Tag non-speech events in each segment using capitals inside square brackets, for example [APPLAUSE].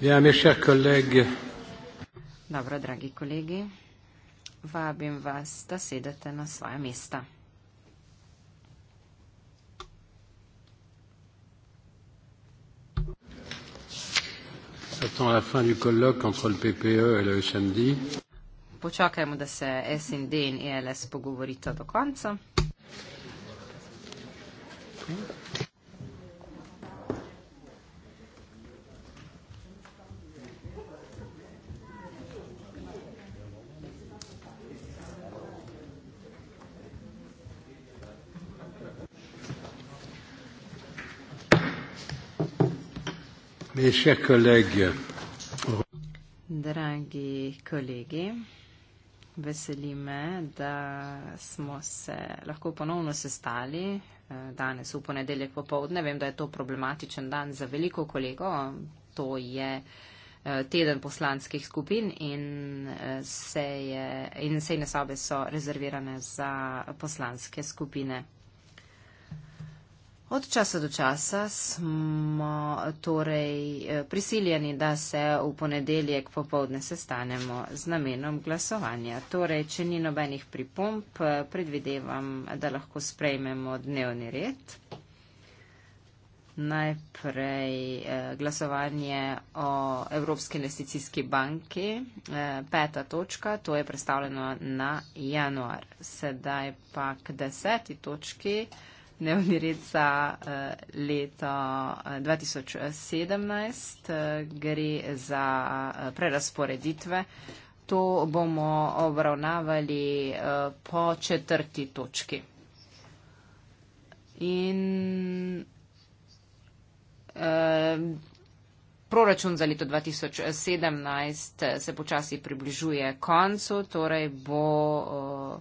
Ja, mi še kolegi. Dobro, dragi kolegi, vabim vas, da sedete na svoje mesta. E Počakajmo, da se SND in ELS pogovorita do konca. Okay. Dragi kolegi, veseli me, da smo se lahko ponovno sestali eh, danes v ponedeljek popovdne. Vem, da je to problematičen dan za veliko kolego. To je eh, teden poslanskih skupin in eh, seje, in sejne sobe so rezervirane za poslanske skupine. Od časa do časa smo torej eh, prisiljeni, da se v ponedeljek popovdne sestanemo z namenom glasovanja. Torej, če ni nobenih pripomp, eh, predvidevam, da lahko sprejmemo dnevni red. Najprej eh, glasovanje o Evropski investicijski banki, peta točka, to je predstavljeno na januar. Sedaj pa k deseti točki dnevni red za uh, leto 2017. Eh, eh, gre za prerasporeditve. To bomo obravnavali uh, po četrti točki. In uh, proračun za leto 2017 se počasi približuje koncu, torej bo. Uh,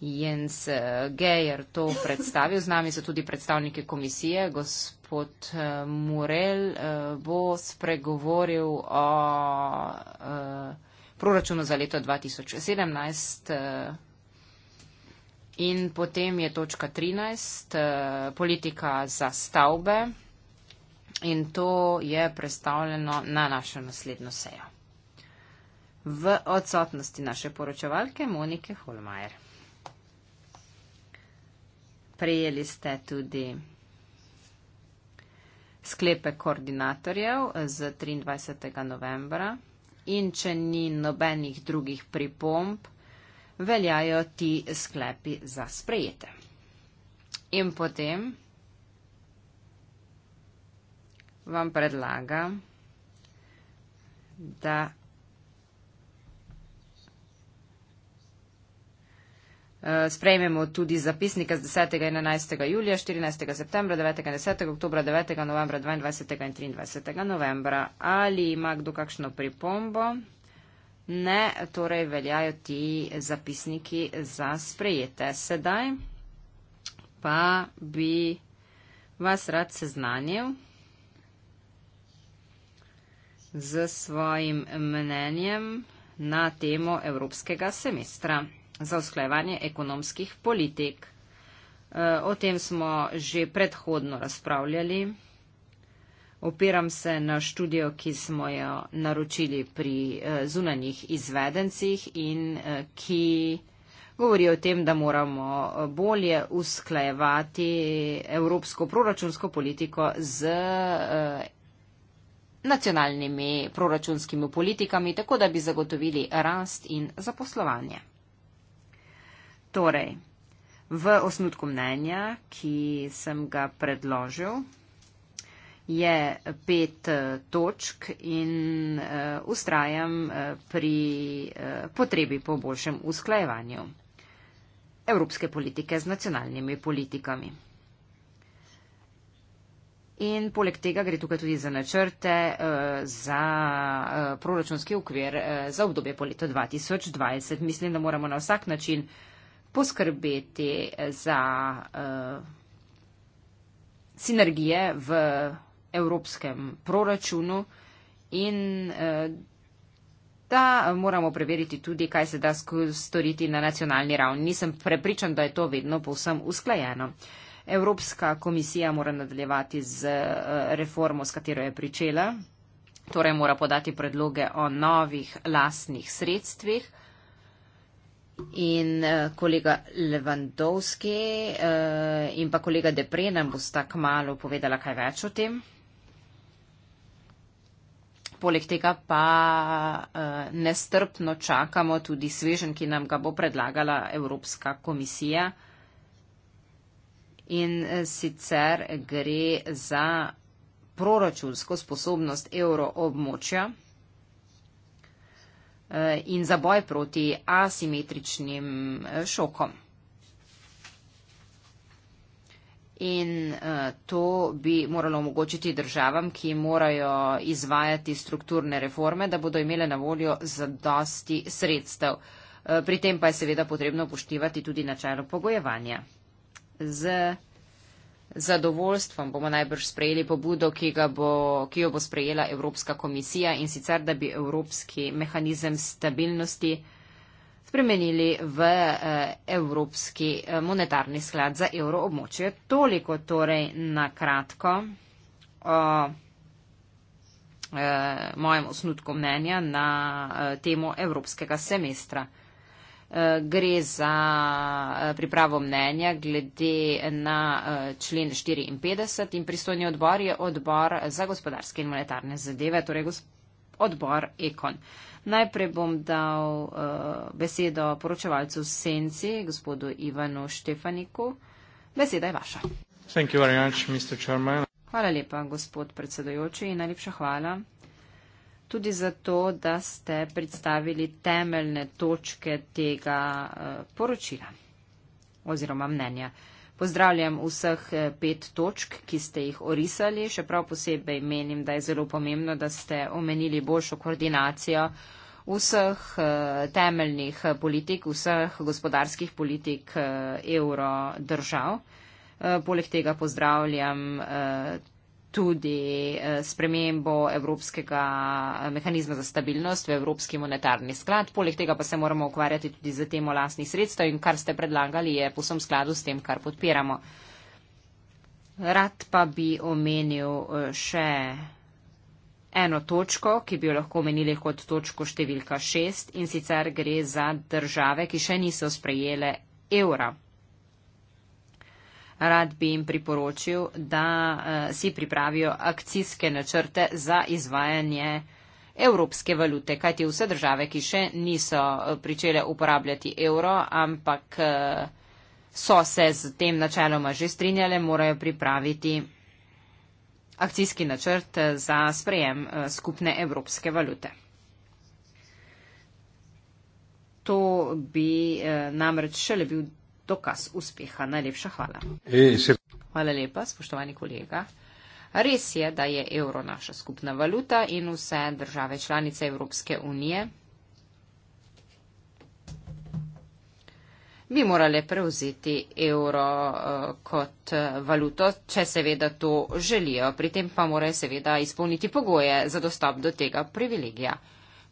Jens eh, Geyer to predstavil. Z nami so tudi predstavniki komisije. Gospod eh, Murel eh, bo spregovoril o proračunu za leto 2017. In potem je točka 13, politika za stavbe. In to je predstavljeno na našo naslednjo sejo. V odsotnosti naše poročevalke Monike Holmajer prejeli ste tudi sklepe koordinatorjev z 23. novembra in če ni nobenih drugih pripomb, veljajo ti sklepi za sprejete. In potem vam predlagam, da Eh, sprejmemo tudi zapisnike z 10. in 11. julija, 14. septembra, 9. in 10. oktobra, 9. novembra, 22. in 23. novembra. Ali ima kdo kakšno pripombo? Ne, torej veljajo ti zapisniki za sprejete. Sedaj pa bi vas rad seznanil z svojim mnenjem na temo evropskega semestra za usklajevanje ekonomskih politik. E, o tem smo že predhodno razpravljali. Opiram se na študijo, ki smo jo naročili pri e, zunanjih izvedencih in e, ki govori o tem, da moramo bolje usklajevati evropsko proračunsko politiko z nacionalnimi proračunskimi politikami, tako da bi zagotovili rast in zaposlovanje. Torej, v osnutku mnenja, ki sem ga predložil, je pet eh, točk in uh, eh, ustrajam uh, eh, pri uh, potrebi po boljšem usklajevanju evropske politike z nacionalnimi politikami. In poleg tega gre tukaj tudi za načrte uh, za uh, proračunski ukvir uh, za obdobje po leto 2020. Mislim, da moramo na vsak način uh, poskrbeti za uh, sinergije v evropskem proračunu in uh, da moramo preveriti tudi, kaj se da storiti na nacionalni ravni. Nisem prepričan, da je to vedno povsem usklajeno. Evropska komisija mora nadaljevati z eh, reformo, s katero je pričela, torej mora podati predloge o novih lastnih sredstvih. In eh, kolega Levandovski eh, in pa kolega Depre nam bosta k malu povedala kaj več o tem. Poleg tega pa eh, nestrpno čakamo tudi svežen, ki nam ga bo predlagala Evropska komisija. In sicer gre za proračunsko sposobnost evroobmočja. območja. Eh, in za boj proti asimetričnim eh, šokom. In eh, to bi moralo omogočiti državam, ki morajo izvajati strukturne reforme, da bodo imele na voljo zadosti sredstev. Pri tem pa je seveda potrebno upoštevati tudi načelo pogojevanja. Z zadovoljstvom bomo najbrž sprejeli pobudo, ki, bo, ki jo bo sprejela Evropska komisija in sicer, da bi evropski mehanizem stabilnosti spremenili v eh, Evropski eh, monetarni sklad za evroobmočje. Toliko torej na kratko o eh, mojem osnutku mnenja na temo Evropskega semestra. Eh, gre za eh, pripravo mnenja glede na eh, člen 54 in pristojni odbor je odbor za gospodarske in monetarne zadeve, torej odbor Ekon. Najprej bom dal besedo poročevalcu Senci, gospodu Ivanu Štefaniku. Beseda je vaša. Much, hvala lepa, gospod predsedojoči, in najlepša hvala tudi zato, da ste predstavili temeljne točke tega eh, poročila oziroma mnenja. Pozdravljam vseh eh, pet točk, ki ste jih orisali. Še prav posebej menim, da je zelo pomembno, da ste omenili boljšo koordinacijo vseh eh, temeljnih politik, vseh gospodarskih politik evro držav. Poleg tega pozdravljam tudi eh, spremembo Evropskega eh, mehanizma za stabilnost v Evropski monetarni sklad. Poleg tega pa se moramo ukvarjati tudi z temo lasnih sredstev in kar ste predlagali je posem skladu s tem, kar podpiramo. Rad pa bi omenil eh, še eno točko, ki bi jo lahko omenili kot točko številka šest in sicer gre za države, ki še niso sprejele evra rad bi jim priporočil, da eh, si pripravijo akcijske načrte za izvajanje evropske valute, kajti vse države, ki še niso eh, pričele uporabljati evro, ampak eh, so se z tem načeloma že strinjale, morajo pripraviti akcijski načrt za sprejem skupne evropske valute. To bi namreč šele bil dokaz uspeha. Najlepša hvala. E, hvala lepa, spoštovani kolega. Res je, da je evro naša skupna valuta in vse države članice Evropske unije bi morale prevzeti evro e, kot e, valuto, če seveda to želijo. Pri tem pa morajo seveda izpolniti pogoje za dostop do tega privilegija.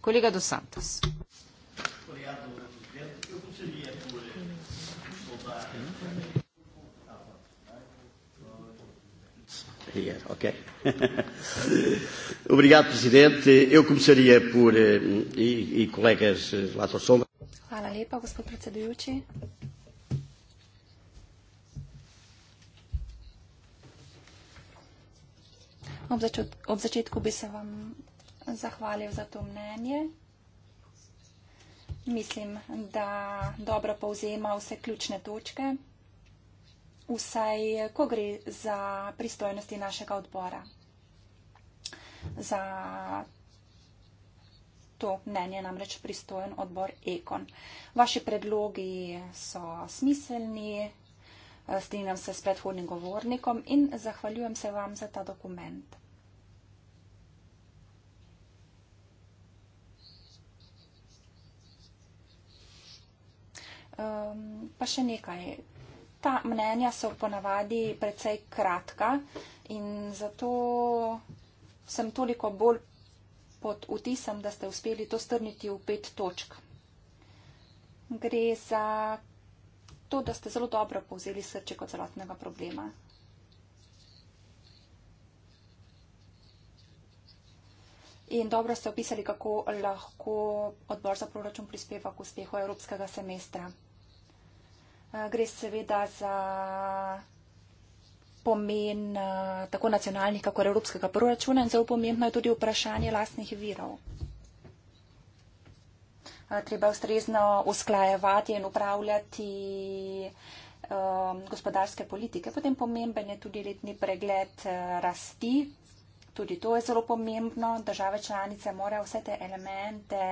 Kolega Dosantos. Do here, ok? [LAUGHS] Obrigado, Presidente. Eu começaria por. Eh, e, e colegas lá da Sombra. Hvala lepa, gospod predsedujoči. Ob, začet, ob začetku bi se vam zahvalil za to mnenje. Mislim, da dobro povzema vse ključne točke vsaj, ko gre za pristojnosti našega odbora, za to mnenje namreč pristojen odbor Ekon. Vaši predlogi so smiselni, eh, strinjam se s predhodnim govornikom in zahvaljujem se vam za ta dokument. Ehm, pa še nekaj ta mnenja so ponavadi precej kratka in zato sem toliko bolj pod vtisem, da ste uspeli to strniti v pet točk. Gre za to, da ste zelo dobro povzeli srče kot celotnega problema. In dobro ste opisali, kako lahko odbor za proračun prispeva k uspehu evropskega semestra. Eh, gre seveda za pomen eh, tako nacionalnih, kako evropskega proračuna in zelo pomembno je tudi vprašanje lastnih virov. Eh, treba ustrezno usklajevati in upravljati gospodarske politike. Potem pomemben je tudi letni pregled rasti. Tudi to je zelo pomembno. Države članice morajo vse te elemente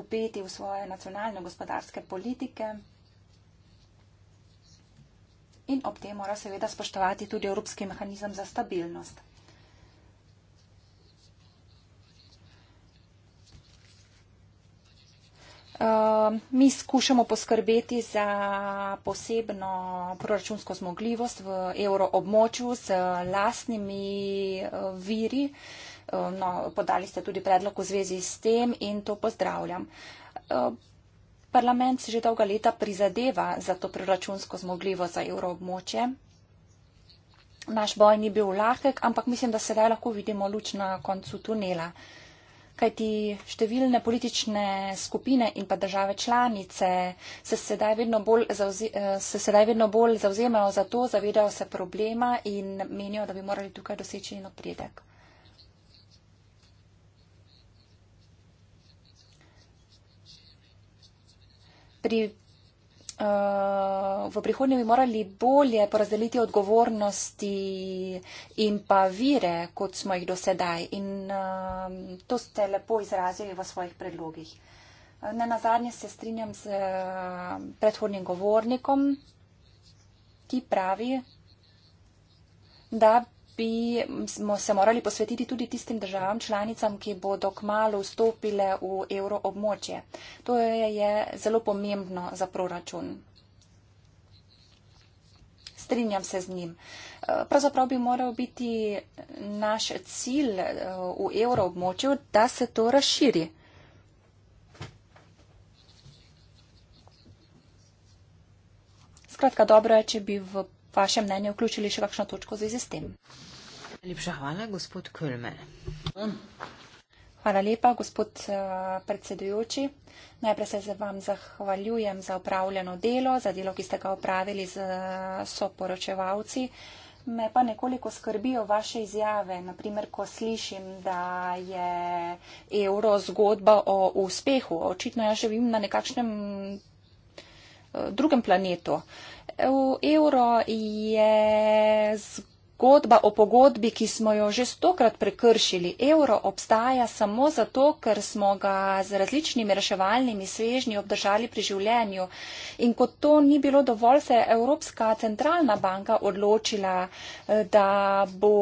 upeti v svoje nacionalne gospodarske politike in ob tem mora seveda spoštovati tudi Evropski mehanizem za stabilnost. Uh, mi skušamo poskrbeti za posebno proračunsko zmogljivost v evroobmočju z eh, lastnimi uh, viri. Uh, no, podali ste tudi predlog v zvezi s tem in to pozdravljam. Uh, Parlament se že dolga leta prizadeva za to proračunsko zmogljivo za evroobmoče. Naš boj ni bil lahek, ampak mislim, da sedaj lahko vidimo luč na koncu tunela. Kajti številne politične skupine in pa države članice se sedaj vedno bolj, zauze, eh, se sedaj vedno bolj zauzemajo za to, zavedajo se problema in menijo, da bi morali tukaj doseči napredek. pri, uh, v prihodnje bi morali bolje porazdeliti odgovornosti in pa vire, kot smo jih dosedaj. In uh, to ste lepo izrazili v svojih predlogih. Eh, Na nazadnje se strinjam z uh, predhodnim govornikom, ki pravi, da bi smo se morali posvetiti tudi tistim državam članicam, ki bodo kmalo vstopile v evroobmočje. To je zelo pomembno za proračun. Strinjam se z njim. Pravzaprav bi moral biti naš cilj eh, v evroobmočju, da se to razširi. Skratka, dobro je, če bi v vašem mnenju vključili še kakšno točko v zvezi s tem. Lepša hvala, gospod Kölmer. Hvala lepa, gospod eh, predsedujoči. Najprej se vam zahvaljujem za upravljeno delo, za delo, ki ste ga upravili z eh, soporočevalci. Me pa nekoliko skrbijo vaše izjave, naprimer, ko slišim, da je euro zgodba o uspehu. Očitno ja živim na nekakšnem eh, drugem planetu. Euro je zgodba pogodba o pogodbi, ki smo jo že stokrat prekršili. Evro obstaja samo zato, ker smo ga z različnimi reševalnimi svežnji obdržali pri življenju. In kot to ni bilo dovolj, se je Evropska centralna banka odločila, eh, da bo.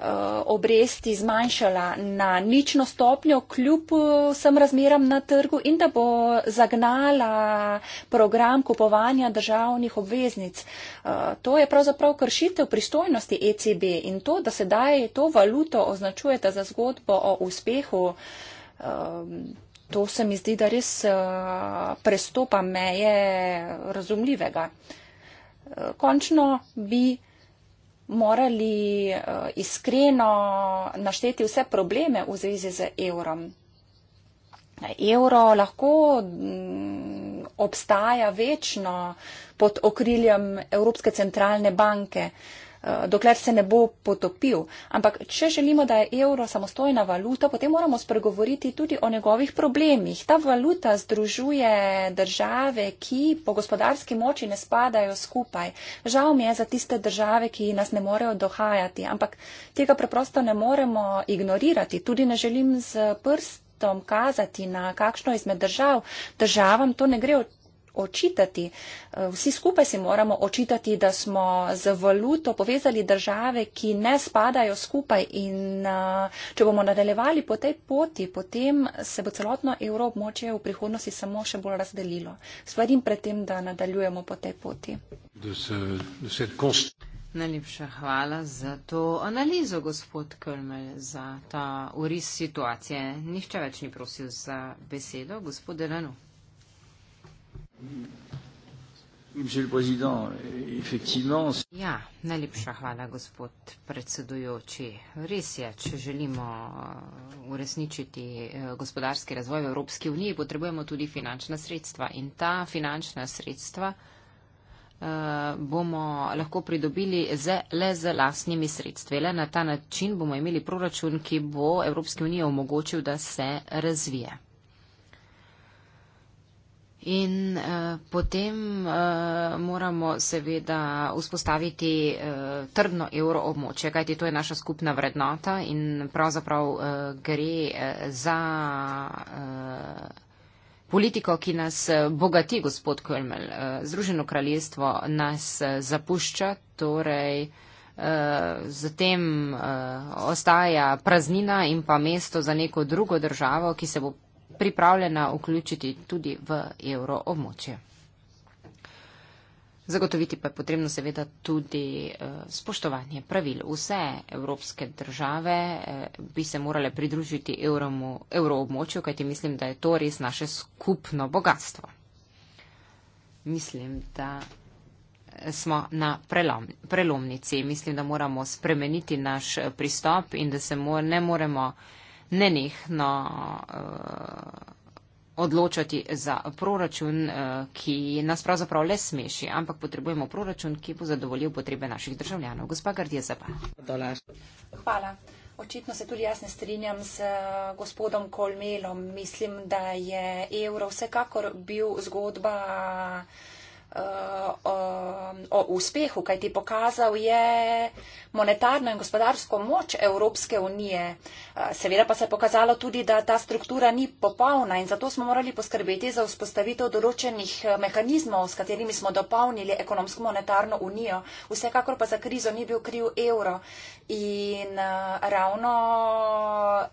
Eh, obresti zmanjšala na nično stopnjo kljub eh, vsem razmeram na trgu in da bo zagnala program kupovanja državnih obveznic. Eh, to je pravzaprav kršitev pristojnosti ECB in to, da sedaj to valuto označujete za zgodbo o uspehu, ehm, to se mi zdi, da res prestopa meje razumljivega. Končno bi morali eh, iskreno našteti vse probleme v zvezi z evrom. Evro lahko mm, obstaja večno pod okriljem Evropske centralne banke. Eh, dokler se ne bo potopil. Ampak, če želimo, da je evro samostojna valuta, potem moramo spregovoriti tudi o njegovih problemih. Ta valuta združuje države, ki po gospodarski moči ne spadajo skupaj. Žal mi je za tiste države, ki nas ne morejo dohajati, ampak tega preprosto ne moremo ignorirati. Tudi ne želim z prst kazati na kakšno izmed držav. Državam to ne gre očitati. Eh, vsi skupaj si moramo očitati, da smo z valuto povezali države, ki ne spadajo skupaj in eh, če bomo nadaljevali po tej poti, potem se bo celotno evroobmočje v prihodnosti samo še bolj razdelilo. Svarim pred tem, da nadaljujemo po tej poti. Najlepša hvala za to analizo, gospod Krmel, za ta uris situacije. Nihče več ni prosil za besedo, gospod Delano. Ja, najlepša hvala, gospod predsedujoči. Res je, če želimo uh, uresničiti uh, gospodarski razvoj v Evropski uniji, potrebujemo tudi finančna sredstva. In ta finančna sredstva uh, bomo lahko pridobili le z lastnimi sredstvi. Le na ta način bomo imeli proračun, ki bo Evropski uniji omogočil, da se razvije. In uh, potem uh, moramo seveda vzpostaviti uh, trdno evro območje, kajti to je naša skupna vrednota in pravzaprav uh, gre uh, za uh, politiko, ki nas bogati, gospod Kölmel. Uh, Združeno kraljestvo nas zapušča, torej uh, zatem uh, ostaja praznina in pa mesto za neko drugo državo, ki se bo pripravljena vključiti tudi v evro območje. Zagotoviti pa je potrebno seveda tudi eh, spoštovanje pravil. Vse evropske države eh, bi se morale pridružiti evromu, evro območju, kajti mislim, da je to res naše skupno bogatstvo. Mislim, da eh, smo na prelom, prelomnici. Mislim, da moramo spremeniti naš pristop in da se mo, ne moremo nenehno uh, odločati za proračun, uh, ki nas pravzaprav le smeši, ampak potrebujemo proračun, ki bo zadovoljil potrebe naših državljanov. Gospa Gardija Zepa. Hvala. Očitno se tudi jaz ne strinjam z eh, gospodom Kolmelom. Mislim, da je evro vsekakor bil zgodba. Uh, Eh, o, o uspehu, kaj ti pokazal je monetarno in gospodarsko moč Evropske unije. Eh, seveda pa se je pokazalo tudi, da ta struktura ni popolna in zato smo morali poskrbeti za vzpostavitev določenih eh, mehanizmov, s katerimi smo dopolnili ekonomsko-monetarno unijo. Vsekakor pa za krizo ni bil kriv evro. In ravno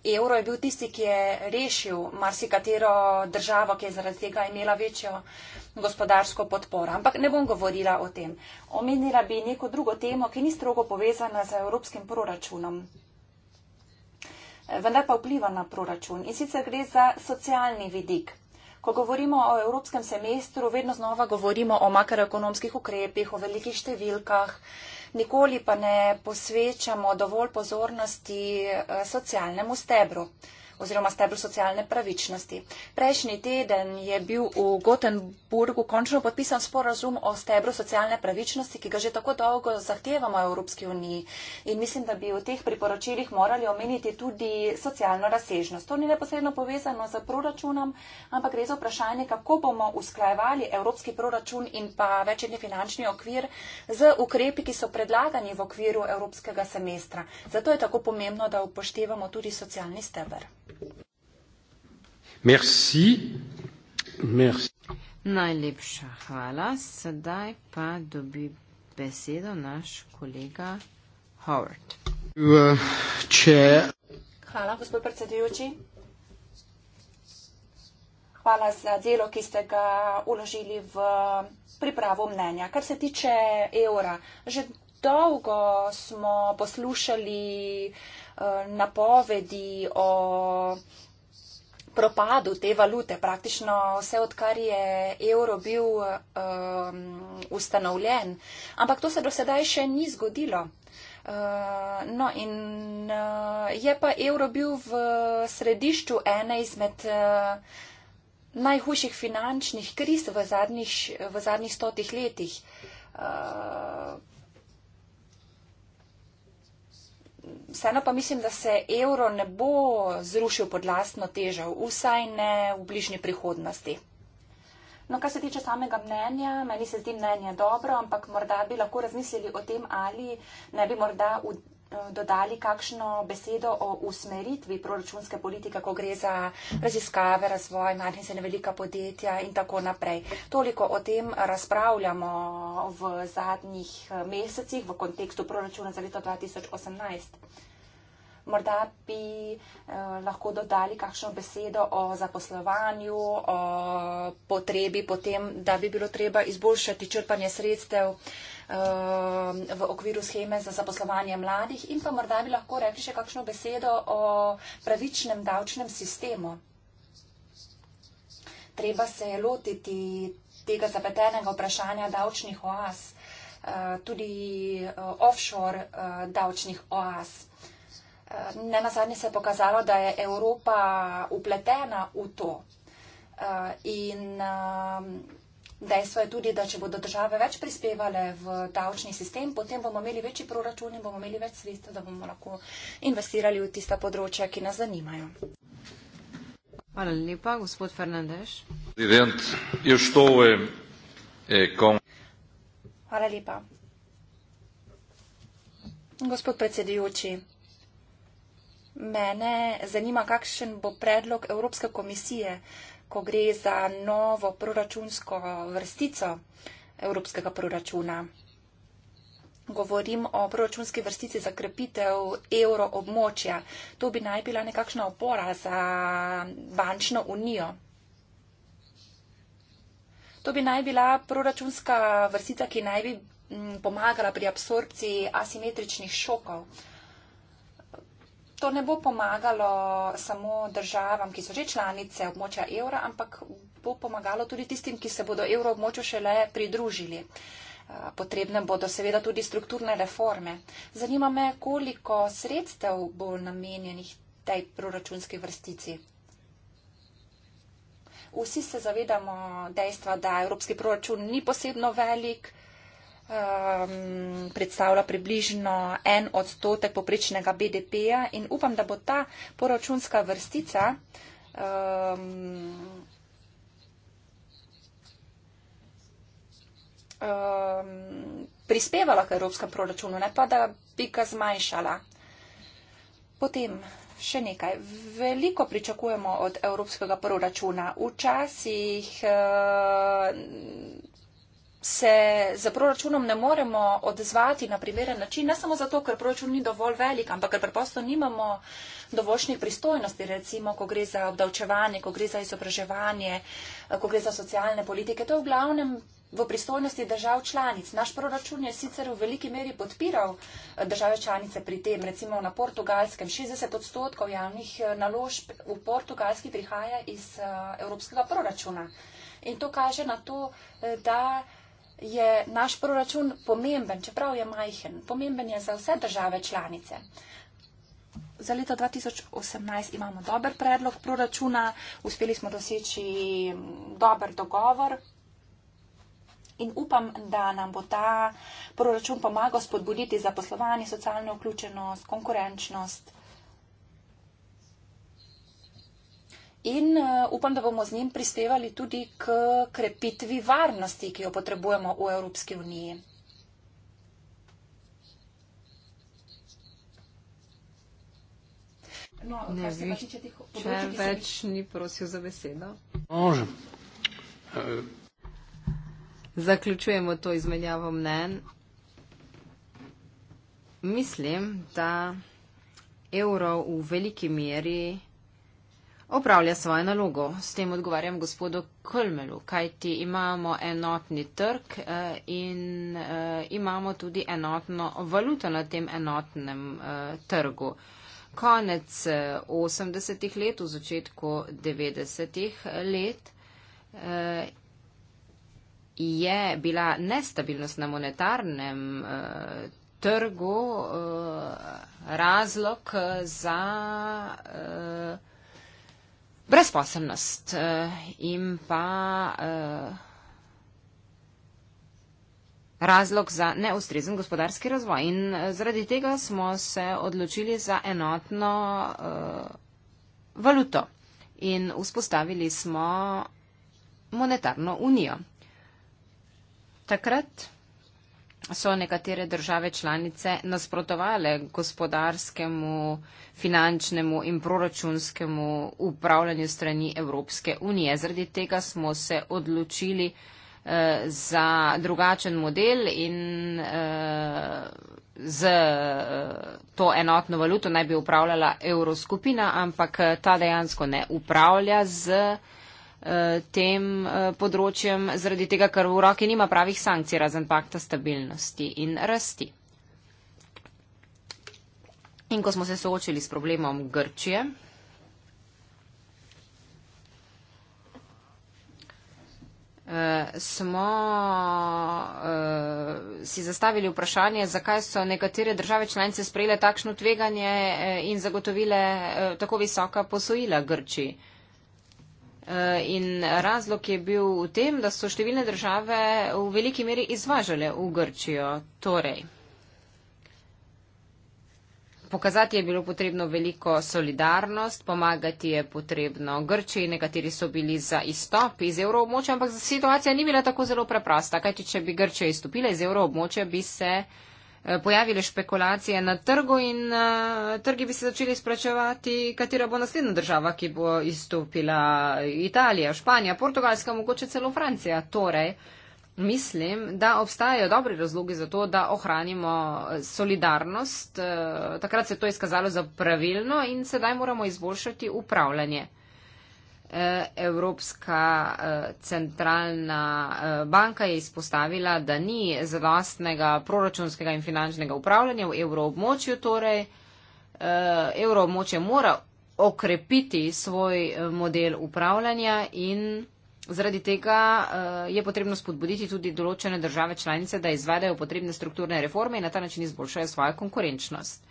evro je bil tisti, ki je rešil marsikatero državo, ki je zaradi tega imela večjo gospodarsko podporo govora, ampak ne bom govorila o tem. Omenila bi neko drugo temo, ki ni strogo povezana z evropskim proračunom, vendar pa vpliva na proračun in sicer gre za socialni vidik. Ko govorimo o evropskem semestru, vedno znova govorimo o makroekonomskih ukrepih, o velikih številkah, nikoli pa ne posvečamo dovolj pozornosti eh, socialnemu stebru oziroma stebr socialne pravičnosti. Prejšnji teden je bil v Gotenburgu končno podpisan sporazum o stebru socialne pravičnosti, ki ga že tako dolgo zahtevamo Evropski uniji. In mislim, da bi v teh priporočilih morali omeniti tudi socialno razsežnost. To ni neposredno povezano z proračunom, ampak gre za vprašanje, kako bomo usklajevali Evropski proračun in pa večetni finančni okvir z ukrepi, ki so predlagani v okviru Evropskega semestra. Zato je tako pomembno, da upoštevamo tudi socialni steber. Merci. Merci. Najlepša hvala. Sedaj pa dobi besedo naš kolega Howard. Če... Hvala, gospod predsedujoči. Hvala za delo, ki ste ga uložili v pripravo mnenja. Kar se tiče evra, že dolgo smo poslušali uh, Eh, napovedi o propadu te valute, praktično vse odkar je evro bil um, ustanovljen. Ampak to se do sedaj še ni zgodilo. Uh, no in uh, je pa evro bil v središču ene izmed uh, najhujših finančnih kriz v zadnjih, v zadnjih stotih letih. Uh, vseeno pa mislim, da se evro ne bo zrušil pod lastno težo, vsaj ne v bližnji prihodnosti. No, kar se tiče samega mnenja, meni se zdi mnenje dobro, ampak morda bi lahko razmislili o tem, ali ne bi morda Eh, dodali kakšno besedo o usmeritvi proračunske politike, ko gre za raziskave, razvoj, najhnjese nevelika podjetja in tako naprej. Toliko o tem razpravljamo v zadnjih eh, mesecih v kontekstu proračuna za leto 2018. Morda bi eh, lahko dodali kakšno besedo o zaposlovanju, o potrebi potem, da bi bilo treba izboljšati črpanje sredstev. Um, v okviru scheme za zaposlovanje mladih in pa morda bi lahko rekli še kakšno besedo o pravičnem davčnem sistemu. Treba se je lotiti tega zapetenega vprašanja davčnih oaz, uh, tudi uh, offshore uh, davčnih oaz. Ne na zadnje se je pokazalo, da je Evropa upletena v to. In um, Dejstvo je tudi, da če bodo države več prispevale v davčni sistem, potem bomo imeli večji proračun in bomo imeli več sredstev, da bomo lahko investirali v tista področja, ki nas zanimajo. Hvala lepa, gospod Fernandez. Eh, eh, Hvala lepa. Gospod predsedujoči, mene zanima, kakšen bo predlog Evropske komisije ko gre za novo proračunsko vrstico evropskega proračuna. Govorim o proračunski vrstici za krepitev evroobmočja. To bi naj bila nekakšna opora za bančno unijo. To bi naj bila proračunska vrstica, ki naj bi mm, pomagala pri absorpciji asimetričnih šokov to ne bo pomagalo samo državam, ki so že članice območja evra, ampak bo pomagalo tudi tistim, ki se bodo evro območju šele pridružili. Potrebne bodo seveda tudi strukturne reforme. Zanima me, koliko sredstev bo namenjenih tej proračunski vrstici. Vsi se zavedamo dejstva, da evropski proračun ni posebno velik um, predstavlja približno en odstotek poprečnega BDP-ja in upam, da bo ta poračunska vrstica um, um, prispevala k evropskem proračunu, ne pa da bi ga zmanjšala. Potem še nekaj. Veliko pričakujemo od evropskega proračuna. Včasih. Uh, se z proračunom ne moremo odzvati na primeren način, ne samo zato, ker proračun ni dovolj velik, ampak ker preprosto nimamo dovoljšnih pristojnosti, recimo, ko gre za obdavčevanje, ko gre za izobraževanje, ko gre za socialne politike. To je v glavnem v pristojnosti držav članic. Naš proračun je sicer v veliki meri podpiral eh, države članice pri tem. Recimo na portugalskem 60 odstotkov javnih eh, naložb v portugalski prihaja iz eh, evropskega proračuna. In to kaže na to, da je naš proračun pomemben, čeprav je majhen. Pomemben je za vse države članice. Za leto 2018 imamo dober predlog proračuna, uspeli smo doseči mm, dober dogovor in upam, da nam bo ta proračun pomagal spodbuditi zaposlovanje, socialno vključenost, konkurenčnost in uh, upam, da bomo z njim prispevali tudi k krepitvi varnosti, ki jo potrebujemo v Evropski uniji. No, ne vem, če več mi... ni prosil za besedo. Možem. Zaključujemo to izmenjavo mnen. Mislim, da evro v veliki meri opravlja svojo nalogo. S tem odgovarjam gospodu Kolmelu, kajti imamo enotni trg eh, in eh, imamo tudi enotno valuto na tem enotnem eh, trgu. Konec 80-ih let, v začetku 90-ih let je bila nestabilnost na monetarnem trgu razlog za brezposelnost eh, in pa eh, razlog za neustrezen gospodarski razvoj. In eh, zaradi tega smo se odločili za enotno valuto in vzpostavili smo monetarno unijo. Takrat so nekatere države članice nasprotovale gospodarskemu, finančnemu in proračunskemu upravljanju strani Evropske unije. Zaradi tega smo se odločili eh, za drugačen model in eh, z eh, to enotno valuto naj bi upravljala evroskupina, ampak eh, ta dejansko ne upravlja z. Eh, Eh, tem eh, področjem, zaradi tega, ker v roki nima pravih sankcij razen pakta stabilnosti in rasti. In ko smo se soočili s problemom Grčije, eh, smo si zastavili vprašanje, zakaj so nekatere države članice sprejele takšno tveganje in zagotovile tako visoka posojila Grčiji. Eh, in razlog je bil v tem, da so številne države v veliki meri izvažale v Grčijo. Torej, pokazati je bilo potrebno veliko solidarnost, pomagati je potrebno Grčiji, nekateri so bili za izstop iz evroobmočja, ampak situacija ni bila tako zelo preprosta, kajti če bi Grčija izstopila iz evroobmočja, bi se. Uh, Eh, pojavile špekulacije na trgu in eh, trgi bi se začeli spraševati, katera bo naslednja država, ki bo izstopila. Italija, Španija, Portugalska, mogoče celo Francija. Torej, mislim, da obstajajo dobri razlogi za to, da ohranimo eh, solidarnost. Takrat se je to izkazalo za pravilno in sedaj moramo izboljšati upravljanje. Eh, Evropska eh, centralna eh, banka je izpostavila, da ni zadostnega proračunskega in finančnega upravljanja v evroobmočju, torej evroobmočje mora okrepiti svoj model upravljanja in zaradi tega je potrebno spodbuditi tudi določene države članice, da izvedajo potrebne strukturne reforme in na ta način izboljšajo svojo konkurenčnost.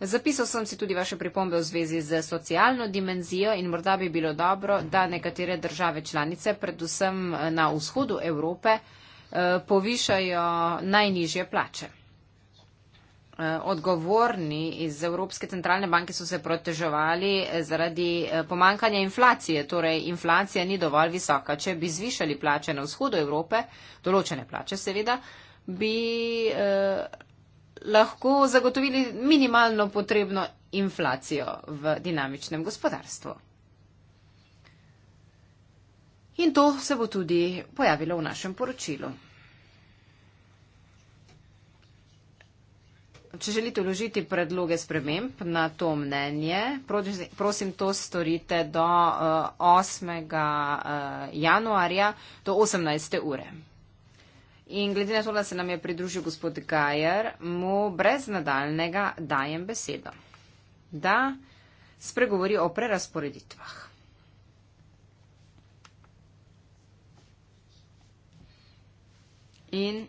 Zapisal sem si tudi vaše pripombe v zvezi z socialno dimenzijo in morda bi bilo dobro, da nekatere države članice, predvsem eh, na vzhodu Evrope, eh, povišajo najnižje plače. Eh, odgovorni iz Evropske centralne banke so se proteževali zaradi pomankanja inflacije. Torej, inflacija ni dovolj visoka. Če bi zvišali plače na vzhodu Evrope, določene plače seveda, bi lahko zagotovili minimalno potrebno inflacijo v dinamičnem gospodarstvu. In to se bo tudi pojavilo v našem poročilu. Če želite vložiti predloge sprememb na to mnenje, prosim to storite do 8. Eh, eh, januarja do 18. ure. In glede na to, da se nam je pridružil gospod Gajer, mu brez nadaljnega dajem besedo, da spregovori o prerasporeditvah. In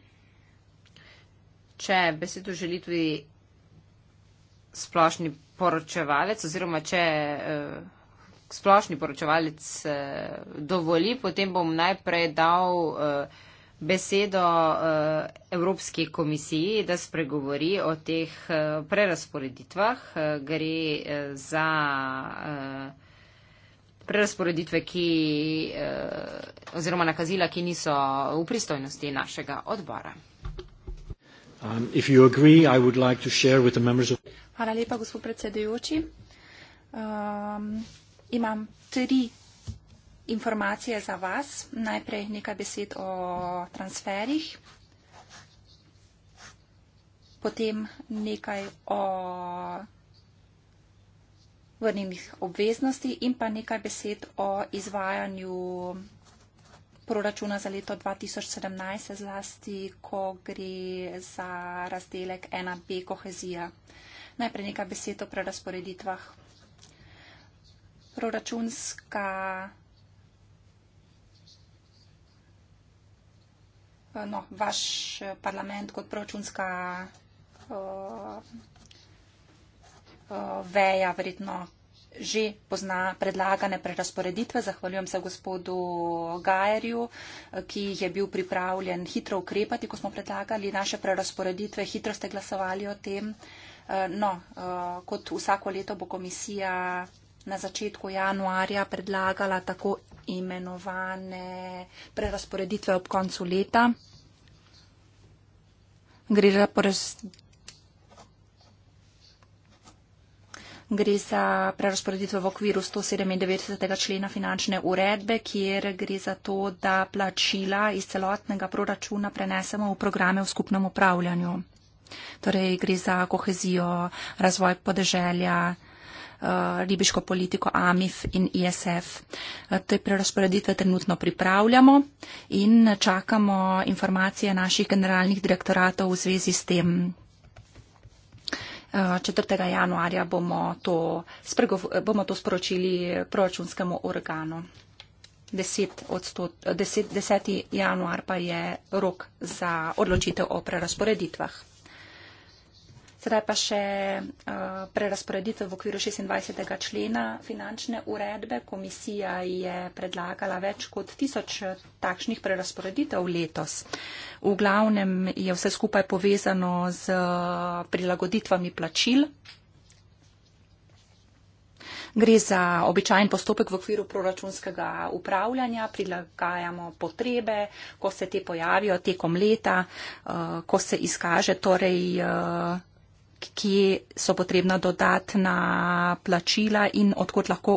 če besedo želi tudi splošni poročevalec oziroma če eh, splošni poročevalec eh, dovoli, potem bom najprej dal. Eh, besedo eh, Evropski komisiji, da spregovori o teh eh, prerasporeditvah. Eh, gre za prerasporeditve, ki oziroma nakazila, ki niso v pristojnosti našega odbora. Um, agree, like of... Hvala lepa, gospod predsedujoči. Um, imam tri informacije za vas. Najprej nekaj besed o transferjih, potem nekaj o vrnjenih obveznosti in pa nekaj besed o izvajanju proračuna za leto 2017, zlasti, ko gre za razdelek 1B kohezija. Najprej nekaj besed o prerasporeditvah. Proračunska Eh, no, vaš eh, parlament kot proračunska uh, uh, veja verjetno že pozna predlagane prerasporeditve. Zahvaljujem se gospodu Gajerju, ki je bil pripravljen hitro ukrepati, ko smo predlagali naše prerasporeditve. Hitro ste glasovali o tem. No, kot vsako leto bo komisija na začetku januarja predlagala tako imenovane prerasporeditve ob koncu leta. Gre za, poraz... gre za prerasporeditve v okviru 197. člena finančne uredbe, kjer gre za to, da plačila iz celotnega proračuna prenesemo v programe v skupnem upravljanju. Torej gre za kohezijo, razvoj podeželja. Eh, ribiško politiko AMIF in ISF. Eh, te prerasporeditve trenutno pripravljamo in čakamo informacije naših generalnih direktoratov v zvezi s tem. 4. Eh, januarja bomo to, bomo to sporočili proračunskemu organu. 10. Odstot, 10, 10. januar pa je rok za odločitev o prerasporeditvah. Sedaj pa še uh, eh, prerasporeditev v okviru 26. člena finančne uredbe. Komisija je predlagala več kot tisoč eh, takšnih prerasporeditev letos. V glavnem je vse skupaj povezano z eh, prilagoditvami plačil. Gre za običajen postopek v okviru proračunskega upravljanja, prilagajamo potrebe, ko se te pojavijo tekom leta, ko se izkaže torej kje so potrebna dodatna plačila in odkot lahko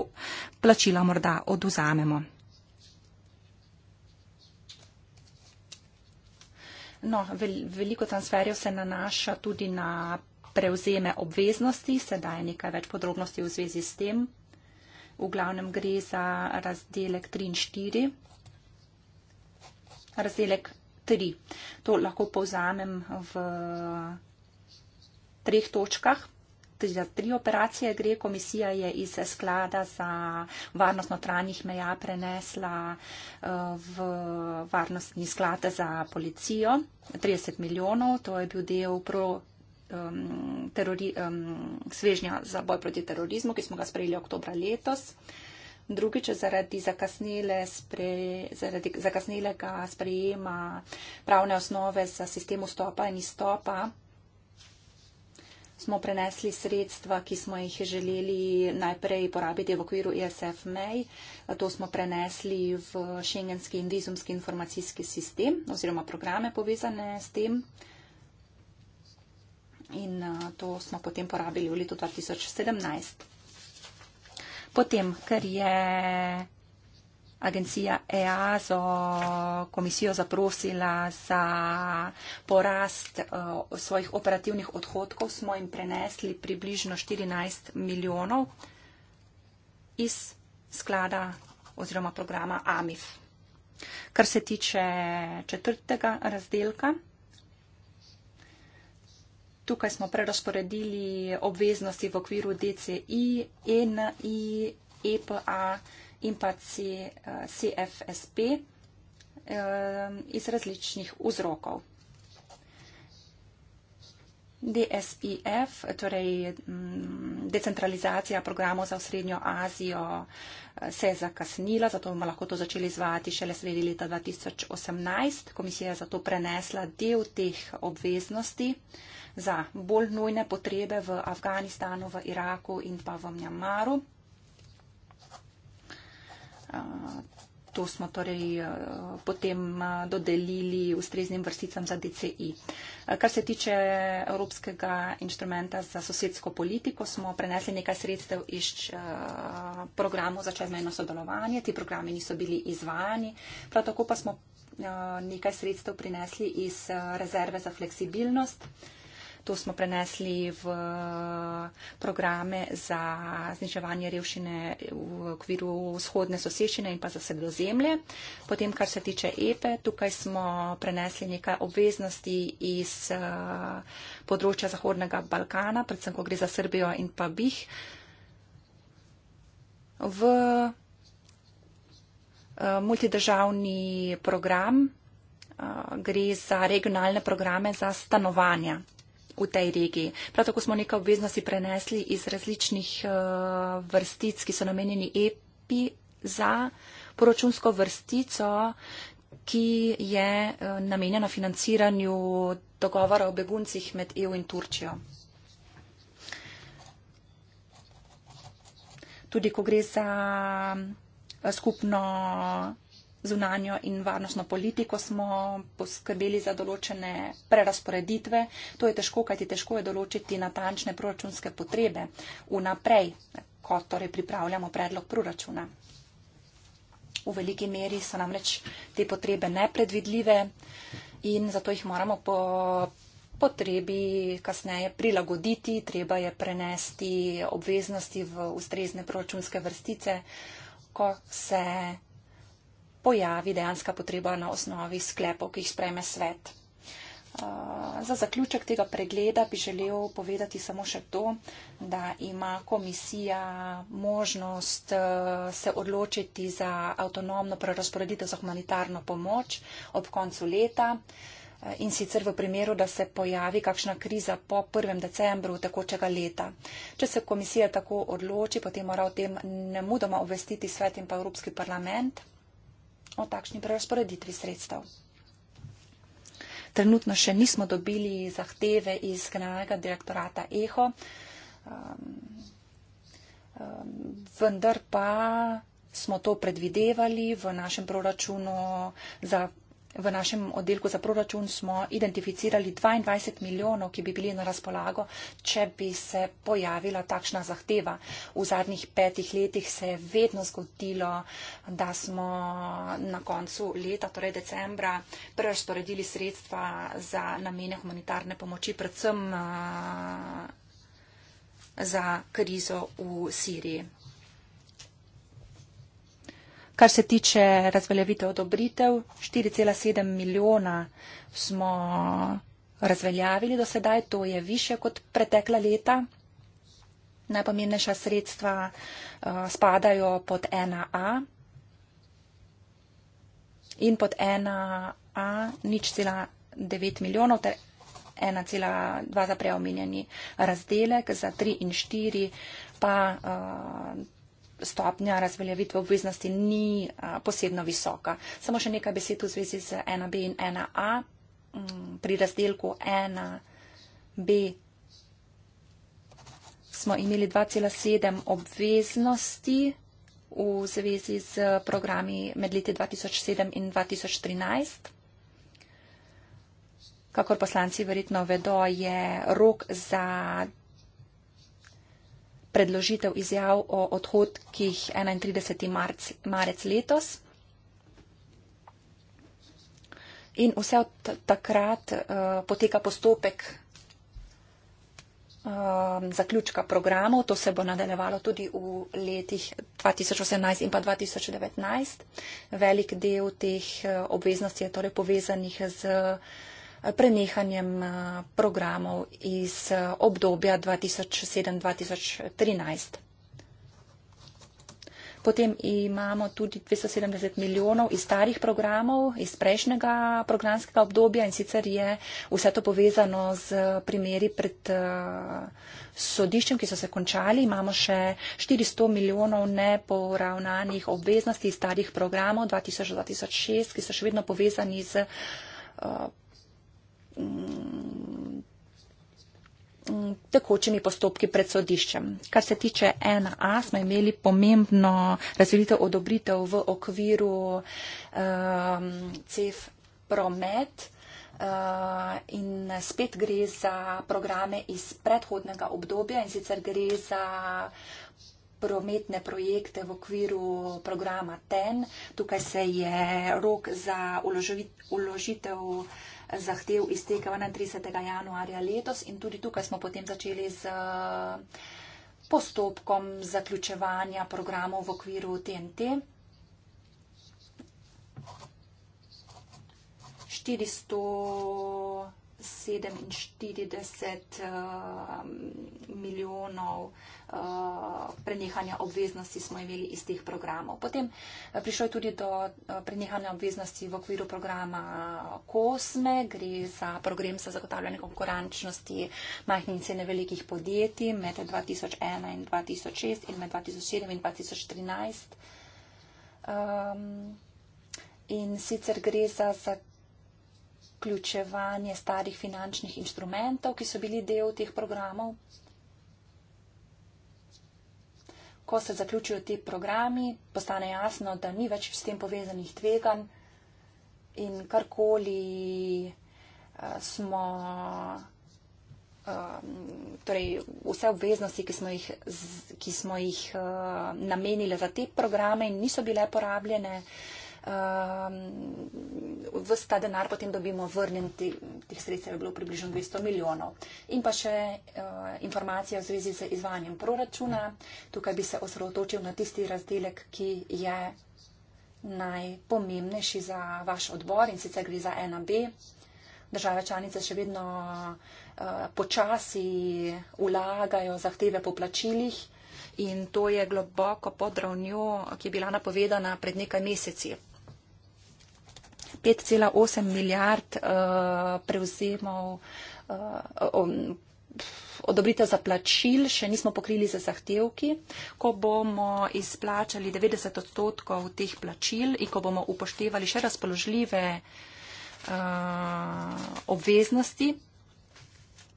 plačila morda oduzamemo. No, veliko transferjev se nanaša tudi na prevzeme obveznosti, sedaj je nekaj več podrobnosti v zvezi s tem. V glavnem gre za razdelek 3 in 4. Razdelek 3. To lahko povzamem v treh točkah. Za tri operacije gre, komisija je iz sklada za varnost notranjih meja prenesla eh, v varnostni sklad za policijo 30 milijonov, to je bil del pro, um, terori, um, svežnja za boj proti terorizmu, ki smo ga sprejeli oktobra letos. Drugič, zaradi, zakasnele spre, zaradi zakasnelega sprejema pravne osnove za sistem vstopa in izstopa smo prenesli sredstva, ki smo jih želeli najprej porabiti v okviru ISF e MEI. To smo prenesli v šengenski in vizumski informacijski sistem oziroma programe povezane s tem. In to smo potem porabili v letu 2017. Potem, ker je Agencija EASO, komisijo zaprosila za porast uh, svojih operativnih odhodkov, smo jim prenesli približno 14 milijonov iz sklada oziroma programa AMIF. Kar se tiče četrtega razdelka, tukaj smo prerasporedili obveznosti v okviru DCI, NI, EPA in pa CFSP eh, eh, iz različnih vzrokov. DSIF, torej mm, decentralizacija programov za osrednjo Azijo, eh, se je zakasnila, zato bomo lahko to začeli izvajati šele sredi leta 2018. Komisija je zato prenesla del teh obveznosti za bolj nujne potrebe v Afganistanu, v Iraku in pa v Mjamaru. To smo torej eh, potem eh, dodelili ustreznim vrsticam za DCI. Eh, kar se tiče Evropskega inštrumenta za sosedsko politiko, smo prenesli nekaj sredstev iz programov za čezmejno sodelovanje. Ti programi niso bili izvajani. Prav tako pa smo nekaj sredstev prinesli iz rezerve za fleksibilnost. To smo prenesli v eh, programe za zniževanje revšine v okviru vzhodne sosešine in pa za sredozemlje. Potem, kar se tiče EPE, tukaj smo prenesli nekaj obveznosti iz eh, področja Zahodnega Balkana, predvsem, ko gre za Srbijo in pa BIH. V eh, multidržavni program gre za regionalne programe za stanovanja v tej regiji. Prav tako smo nekaj obveznosti prenesli iz različnih eh, vrstic, ki so namenjeni EPI za poročunsko vrstico, ki je eh, namenjena financiranju dogovora o beguncih med EU in Turčijo. Tudi ko gre za eh, skupno zunanjo in varnostno politiko smo poskrbeli za določene prerasporeditve. To je težko, kajti težko je določiti natančne proračunske potrebe vnaprej, ko torej pripravljamo predlog proračuna. V veliki meri so namreč te potrebe nepredvidljive in zato jih moramo po potrebi kasneje prilagoditi, treba je prenesti obveznosti v ustrezne proračunske vrstice, ko se pojavi dejanska potreba na osnovi sklepov, ki jih spreme svet. Uh, za zaključek tega pregleda bi želel povedati samo še to, da ima komisija možnost uh, se odločiti za avtonomno prerasporeditev za humanitarno pomoč ob koncu leta uh, in sicer v primeru, da se pojavi kakšna kriza po 1. decembru tekočega leta. Če se komisija tako odloči, potem mora o tem nemudoma obvestiti svet in pa Evropski parlament o takšni prerasporeditvi sredstev. Trenutno še nismo dobili zahteve iz generalnega direktorata EHO, um, um, vendar pa smo to predvidevali v našem proračunu za V našem oddelku za proračun smo identificirali 22 milijonov, ki bi bili na razpolago, če bi se pojavila takšna zahteva. V zadnjih petih letih se je vedno zgodilo, da smo na koncu leta, torej decembra, prerasporedili sredstva za namene humanitarne pomoči, predvsem eh, za krizo v Siriji. Kar se tiče razveljavitev odobritev, 4,7 milijona smo razveljavili do sedaj, to je više kot pretekla leta. Najpomembnejša sredstva eh, spadajo pod 1A in pod 1A nič cela 9 milijonov. 1,2 za preomenjeni razdelek, za 3 in 4 pa uh, stopnja razveljavitve obveznosti ni posebno visoka. Samo še nekaj besed v zvezi z 1B in 1A. Mm, pri razdelku 1B smo imeli 2,7 obveznosti v zvezi z programi med leti 2007 in 2013. Kakor poslanci verjetno vedo, je rok za predložitev izjav o odhodkih 31. Marc, marec letos. In vse od takrat uh, poteka postopek eh, zaključka programov, to se bo nadaljevalo tudi v letih 2018 in pa 2019. Velik del teh eh, obveznosti je torej povezanih z prenehanjem eh, programov iz eh, obdobja 2007-2013. Potem imamo tudi 270 milijonov iz starih programov, iz prejšnjega programskega obdobja in sicer je vse to povezano z primeri pred eh, sodiščem, ki so se končali. Imamo še 400 milijonov neporavnanih obveznosti iz starih programov 2000-2006, ki so še vedno povezani z tekočimi postopki pred sodiščem. Kar se tiče 1A, smo imeli pomembno razvilitev odobritev v okviru um, CEF Promet. Uh, in spet gre za programe iz predhodnega obdobja in sicer gre za prometne projekte v okviru programa TEN. Tukaj se je rok za uložitev uh, zahtev iztekala 31. januarja letos in tudi tukaj smo potem začeli z eh, postopkom zaključevanja programov v okviru TNT. 400 47 uh, eh, milijonov uh, prenehanja obveznosti smo imeli iz teh programov. Potem eh, prišlo je tudi do prenehanja obveznosti v okviru programa COSME, gre za program za zagotavljanje konkurenčnosti majhnih in cene velikih podjetij med 2001 in 2006 in med 2007 in 2013. Um, ehm, in sicer gre za, za vključevanje starih finančnih instrumentov, ki so bili del teh programov. Ko se zaključijo ti programi, postane jasno, da ni več s tem povezanih tveganj in karkoli eh, smo, eh, torej vse obveznosti, ki smo jih, ki smo jih eh, namenili za te programe in niso bile porabljene, uh, ehm, vse ta denar potem dobimo vrnjen, te, teh sredstev je bilo približno 200 milijonov. In pa še uh, eh, informacija v zvezi z izvanjem proračuna. Tukaj bi se osredotočil na tisti razdelek, ki je najpomembnejši za vaš odbor in sicer gre za 1B. Države članice še vedno uh, počasi ulagajo zahteve po plačilih in to je globoko pod ravnjo, ki je bila napovedana pred nekaj meseci. 5,8 milijard uh, prevzemov uh, odobritev za plačil, še nismo pokrili za zahtevki. Ko bomo izplačali 90 odstotkov teh plačil in ko bomo upoštevali še razpoložljive uh, obveznosti,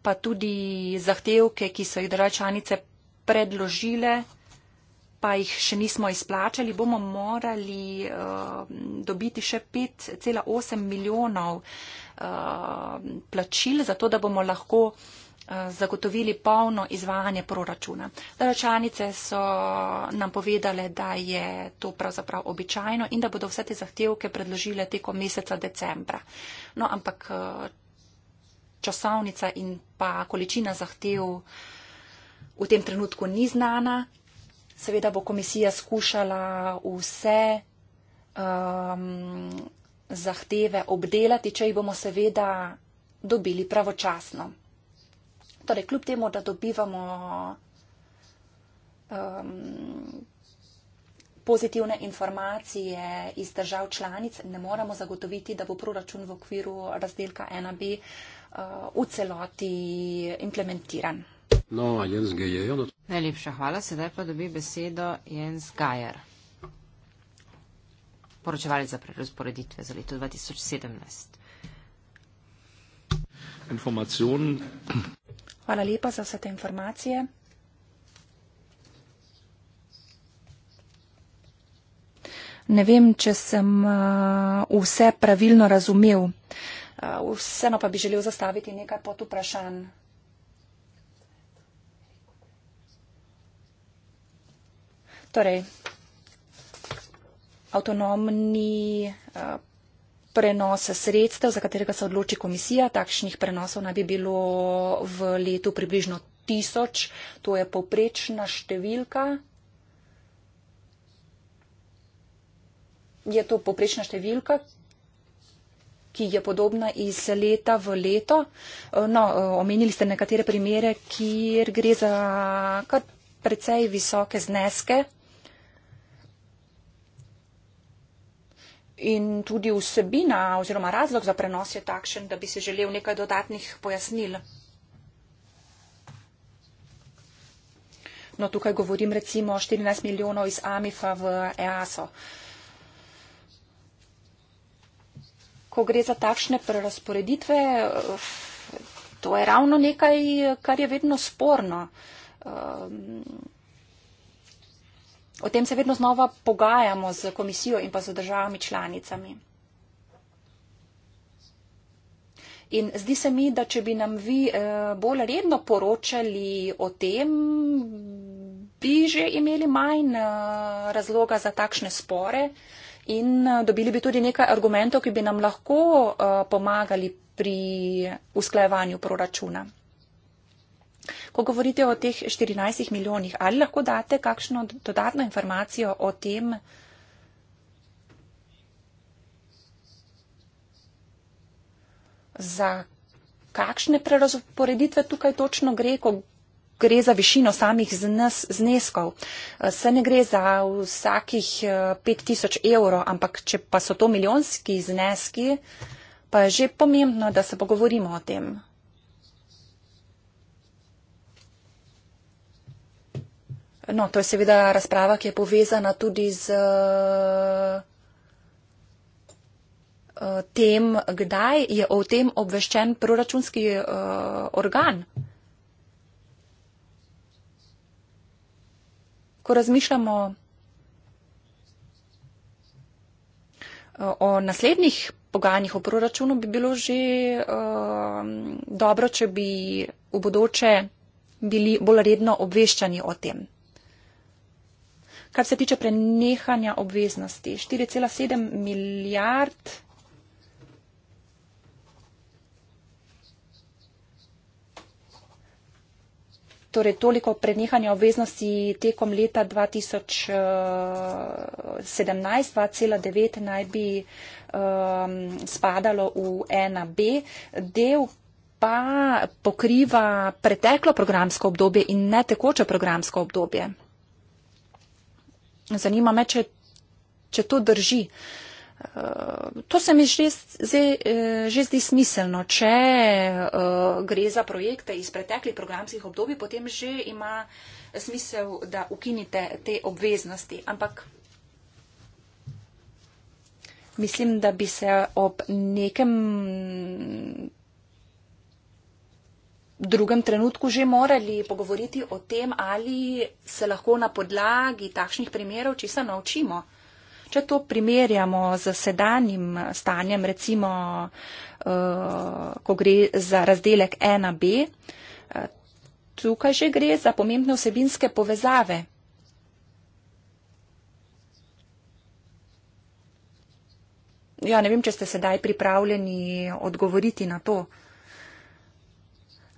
pa tudi zahtevke, ki so jih države članice predložile, pa jih še nismo izplačali, bomo morali uh, dobiti še 5,8 milijonov uh, plačil, zato da bomo lahko uh, zagotovili polno izvajanje proračuna. Zaračanice so nam povedale, da je to pravzaprav običajno in da bodo vse te zahtevke predložile teko meseca decembra. No, ampak uh, časovnica in pa količina zahtev. V tem trenutku ni znana, Seveda bo komisija skušala vse um, zahteve obdelati, če jih bomo seveda dobili pravočasno. Torej, kljub temu, da dobivamo um, pozitivne informacije iz držav članic, ne moramo zagotoviti, da bo proračun v okviru razdelka 1B uh, v celoti implementiran. No, Jens Gejer. Not... Najlepša hvala, sedaj pa dobi besedo Jens Gajer. Poročevali za prerazporeditve za leto 2017. Informacijon. Hvala lepa za vse te informacije. Ne vem, če sem uh, vse pravilno razumel. Uh, vseeno pa bi želel zastaviti nekaj pod vprašanj. torej avtonomni eh, prenos sredstev, za katerega se odloči komisija. Takšnih prenosov naj bi bilo v letu približno tisoč. To je povprečna številka. Je to povprečna številka, ki je podobna iz leta v leto. Eh, no, eh, omenili ste nekatere primere, kjer gre za kar precej visoke zneske. In tudi vsebina oziroma razlog za prenos je takšen, da bi se želel nekaj dodatnih pojasnil. No, tukaj govorim recimo 14 milijonov iz AMIF-a v EASO. Ko gre za takšne prerasporeditve, to je ravno nekaj, kar je vedno sporno. Ehm, O tem se vedno znova pogajamo z komisijo in pa z državami članicami. In zdi se mi, da če bi nam vi eh, bolj redno poročali o tem, bi že imeli manj eh, razloga za takšne spore in eh, dobili bi tudi nekaj argumentov, ki bi nam lahko pomagali pri usklajevanju proračuna. Ko govorite o teh 14 milijonih, ali lahko date kakšno dodatno informacijo o tem? Za kakšne prerazporeditve tukaj točno gre, ko gre za višino samih znes, zneskov? Eh, se ne gre za vsakih 5000 eh, evrov, ampak če pa so to milijonski zneski, pa je že pomembno, da se pogovorimo o tem. No, to je seveda razprava, ki je povezana tudi z uh, tem, kdaj je o tem obveščen proračunski uh, organ. Ko razmišljamo uh, o naslednjih pogajanjih o proračunu, bi bilo že uh, dobro, če bi v bodoče bili bolj redno obveščani o tem kar se tiče prenehanja obveznosti. 4,7 milijard. Torej, toliko prenehanja obveznosti tekom leta 2017, 2,9 eh, naj bi um, spadalo v 1B. Del pa pokriva preteklo programsko obdobje in ne tekoče programsko obdobje zanima me, če, če to drži. Eh, to se mi že, že, eh, že zdi smiselno. Če uh, gre za projekte iz preteklih programskih obdobij, potem že ima smisel, da ukinite te obveznosti. Ampak mislim, da bi se ob nekem drugem trenutku že morali pogovoriti o tem, ali se lahko na podlagi takšnih primerov česa naučimo. Če to primerjamo z sedanjim stanjem, recimo, uh, ko gre za razdelek 1b, eh, tukaj že gre za pomembne vsebinske povezave. Ja, ne vem, če ste sedaj pripravljeni odgovoriti na to.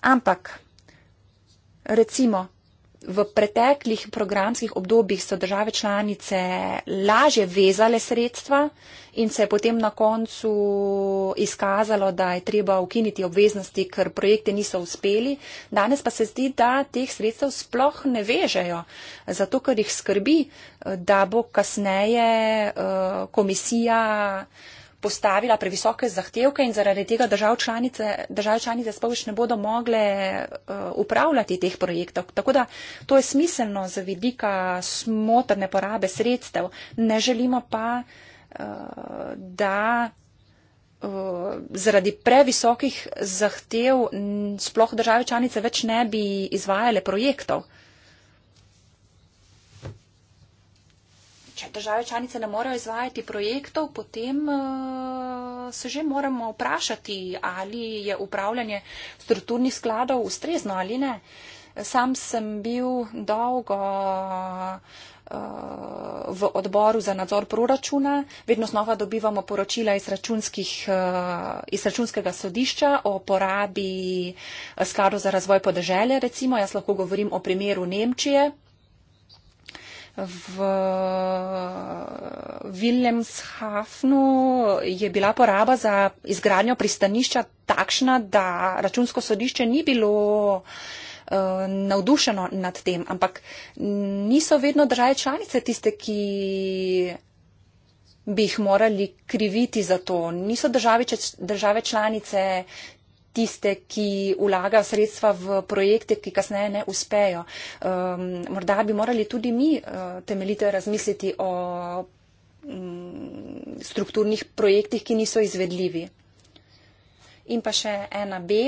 Ampak, recimo, v preteklih programskih obdobjih so države članice lažje vezale sredstva in se je potem na koncu izkazalo, da je treba ukiniti obveznosti, ker projekte niso uspeli. Danes pa se zdi, da teh sredstev sploh ne vežejo, zato ker jih skrbi, da bo kasneje eh, komisija postavila previsoke zahtevke in zaradi tega držav članice, držav članice spoveč ne bodo mogle eh, upravljati teh projektov. Tako da to je smiselno z vidika smotrne porabe sredstev. Ne želimo pa, eh, da eh, zaradi previsokih zahtev sploh države članice več ne bi izvajale projektov. če države članice ne morejo izvajati projektov, potem uh, se že moramo vprašati, ali je upravljanje strukturnih skladov ustrezno ali ne. Sam sem bil dolgo eh, v odboru za nadzor proračuna. Vedno znova dobivamo poročila iz, eh, iz računskega sodišča o porabi skladov za razvoj podeželja. Recimo, jaz lahko govorim o primeru Nemčije, v Wilhelmshafnu je bila poraba za izgradnjo pristanišča takšna, da računsko sodišče ni bilo eh, navdušeno nad tem, ampak niso vedno države članice tiste, ki bi jih morali kriviti za to. Niso države članice tiste, ki vlaga sredstva v projekte, ki kasneje ne uspejo. Um, morda bi morali tudi mi uh, temeljito razmisliti o um, strukturnih projektih, ki niso izvedljivi. In pa še ena B.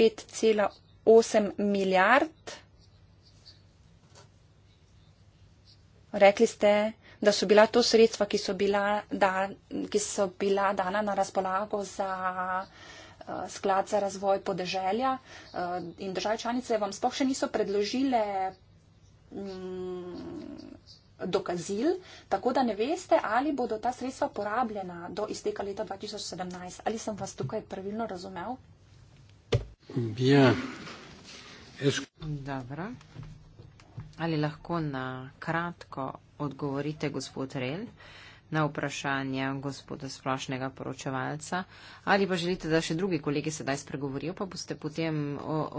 5,8 milijard. Rekli ste, da so bila to sredstva, ki so bila, da, ki so bila dana na razpolago za eh, sklad za razvoj podeželja eh, in države članice vam sploh še niso predložile mm, dokazil, tako da ne veste, ali bodo ta sredstva porabljena do izteka leta 2017. Ali sem vas tukaj pravilno razumel? Ja. Es... Dobro. Ali lahko na kratko odgovorite, gospod Rel, na vprašanja gospoda splošnega poročevalca, ali pa želite, da še drugi kolegi sedaj spregovorijo, pa boste potem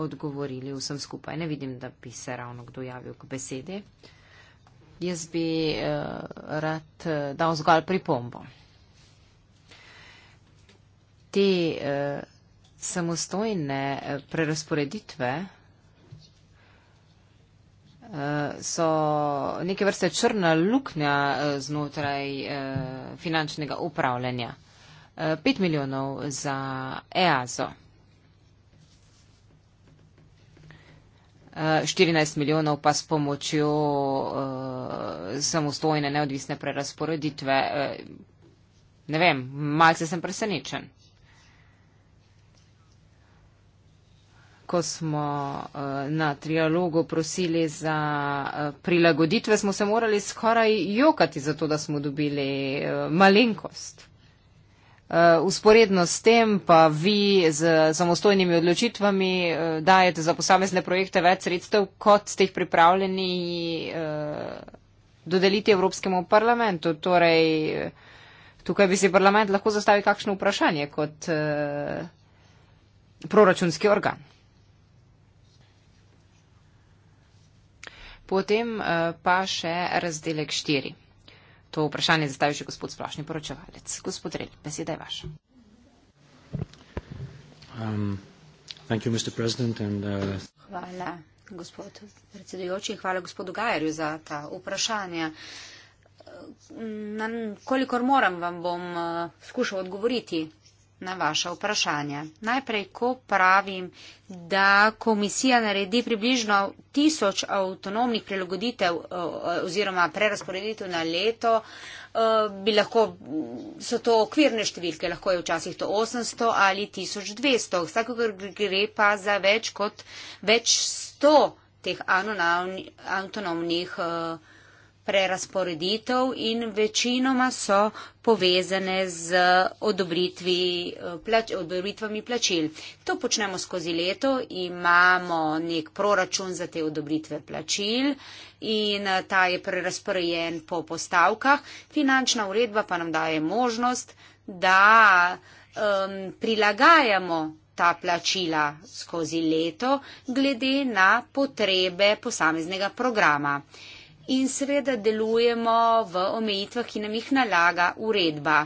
odgovorili vsem skupaj. Ne vidim, da bi se ravno kdo javil k besedi. Jaz bi uh, rad uh, dal zgolj pripombo. Te uh, samostojne uh, prerasporeditve Eh, so neke vrste črna luknja eh, znotraj eh, finančnega upravljanja. 5 milijonov za EASO. 14 milijonov pa s pomočjo samostojne neodvisne prerasporeditve. Ne vem, malce sem presenečen. ko smo eh, na trialogu prosili za eh, prilagoditve, smo se morali skoraj jokati za to, da smo dobili eh, malenkost. Usporedno s tem pa vi z samostojnimi odločitvami dajete za posamezne projekte več sredstev, kot ste jih pripravljeni dodeliti Evropskemu parlamentu. Torej, tukaj bi si parlament lahko zastavil kakšno vprašanje kot proračunski organ. Potem eh, pa še razdelek štiri. To vprašanje zastavi že gospod splošni poročevalec. Gospod Rel, beseda je vaša. Um, thank you, Mr. President, and, uh... Hvala, gospod predsedujoči, in hvala gospodu Gajerju za ta vprašanja. Na, kolikor moram, vam bom uh, skušal odgovoriti na vaše vprašanje. Najprej, ko pravim, da komisija naredi približno tisoč avtonomnih prilagoditev eh, oziroma prerasporeditev na leto, eh, bi lahko, so to okvirne številke, lahko je včasih to 800 ali 1200, vsakogar gre pa za več kot več 100 teh avtonomnih prilagoditev eh, prerasporeditev in večinoma so povezane z odobritvi, eh, plač, odobritvami plačil. To počnemo skozi leto, imamo nek proračun za te odobritve plačil in eh, ta je prerasporejen po postavkah. Finančna uredba pa nam daje možnost, da um, prilagajamo ta plačila skozi leto glede na potrebe posameznega programa in seveda delujemo v omejitvah, ki nam jih nalaga uredba.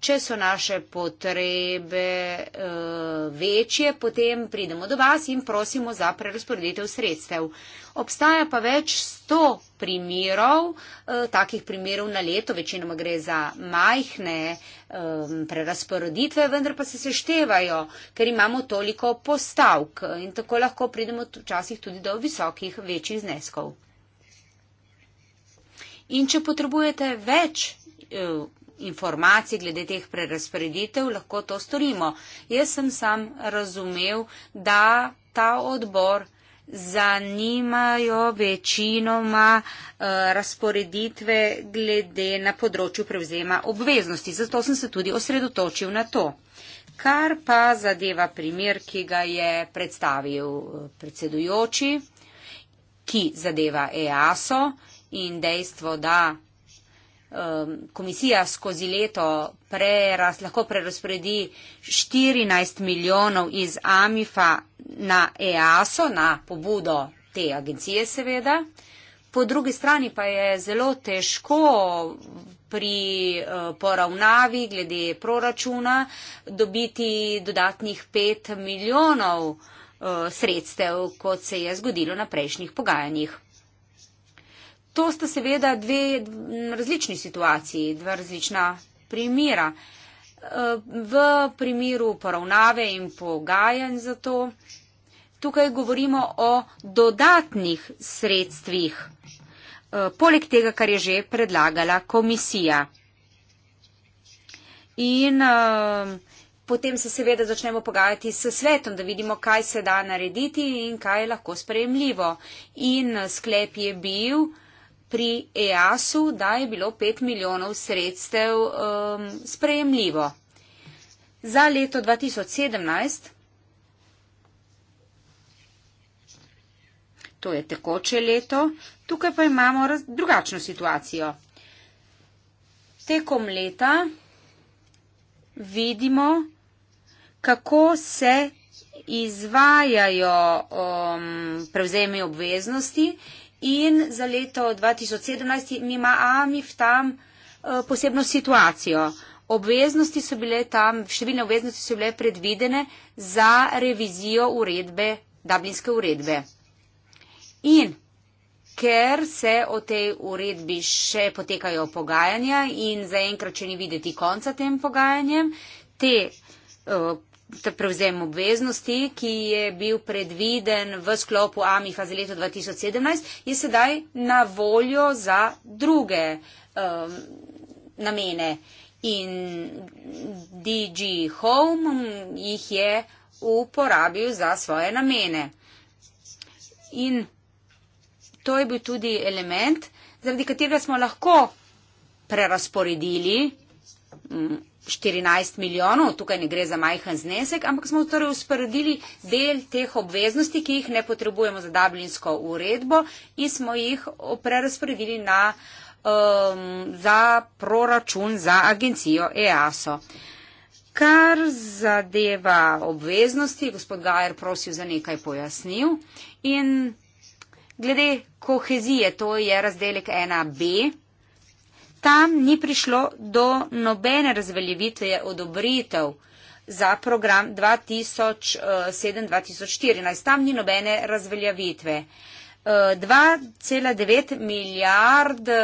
Če so naše potrebe e, večje, potem pridemo do vas in prosimo za prerasporeditev sredstev. Obstaja pa več sto primerov, e, takih primerov na leto, večinoma gre za majhne e, prerasporeditve, vendar pa se seštevajo, ker imamo toliko postavk in tako lahko pridemo včasih tudi do visokih večjih zneskov. In če potrebujete več eh, informacij glede teh prerasporeditev, lahko to storimo. Jaz sem sam razumev, da ta odbor zanimajo večinoma uh, razporeditve glede na področju prevzema obveznosti. Zato sem se tudi osredotočil na to. Kar pa zadeva primer, ki ga je predstavil eh, predsedujoči, ki zadeva EASO, uh, in dejstvo, da um, komisija skozi leto preraz, lahko prerasporedi 14 milijonov iz AMIFA na EASO, na pobudo te agencije seveda. Po drugi strani pa je zelo težko pri uh, poravnavi glede proračuna dobiti dodatnih 5 milijonov uh, sredstev, kot se je zgodilo na prejšnjih pogajanjih. To sta seveda dve različni situaciji, dva različna primera. Eh, v primeru poravnave in pogajanj za to, tukaj govorimo o dodatnih sredstvih, eh, poleg tega, kar je že predlagala komisija. In eh, potem se seveda začnemo pogajati s svetom, da vidimo, kaj se da narediti in kaj je lahko sprejemljivo. In sklep je bil, pri EAS-u, da je bilo 5 milijonov sredstev um, sprejemljivo. Za leto 2017, to je tekoče leto, tukaj pa imamo raz, drugačno situacijo. Tekom leta vidimo, kako se izvajajo um, prevzemi obveznosti in za leto 2017 ima AMIF tam eh, posebno situacijo. Obveznosti so bile tam, številne obveznosti so bile predvidene za revizijo uredbe, dublinske uredbe. In ker se o tej uredbi še potekajo pogajanja in zaenkrat, če ni videti konca tem pogajanjem, te uh, prevzem obveznosti, ki je bil predviden v sklopu AMIFA za leto 2017, je sedaj na voljo za druge um, namene. In DG Home jih je uporabil za svoje namene. In to je bil tudi element, zaradi katerega smo lahko prerasporedili mm, 14 milijonov, tukaj ne gre za majhen znesek, ampak smo torej usporedili del teh obveznosti, ki jih ne potrebujemo za dublinsko uredbo in smo jih prerasporedili na, um, za proračun za agencijo EASO. Kar zadeva obveznosti, gospod Gajer prosil za nekaj pojasnil in glede kohezije, to je razdelek 1b, tam ni prišlo do nobene razveljavitve odobritev za program 2007-2014. Eh, tam ni nobene razveljavitve. 2,9 eh, milijard eh,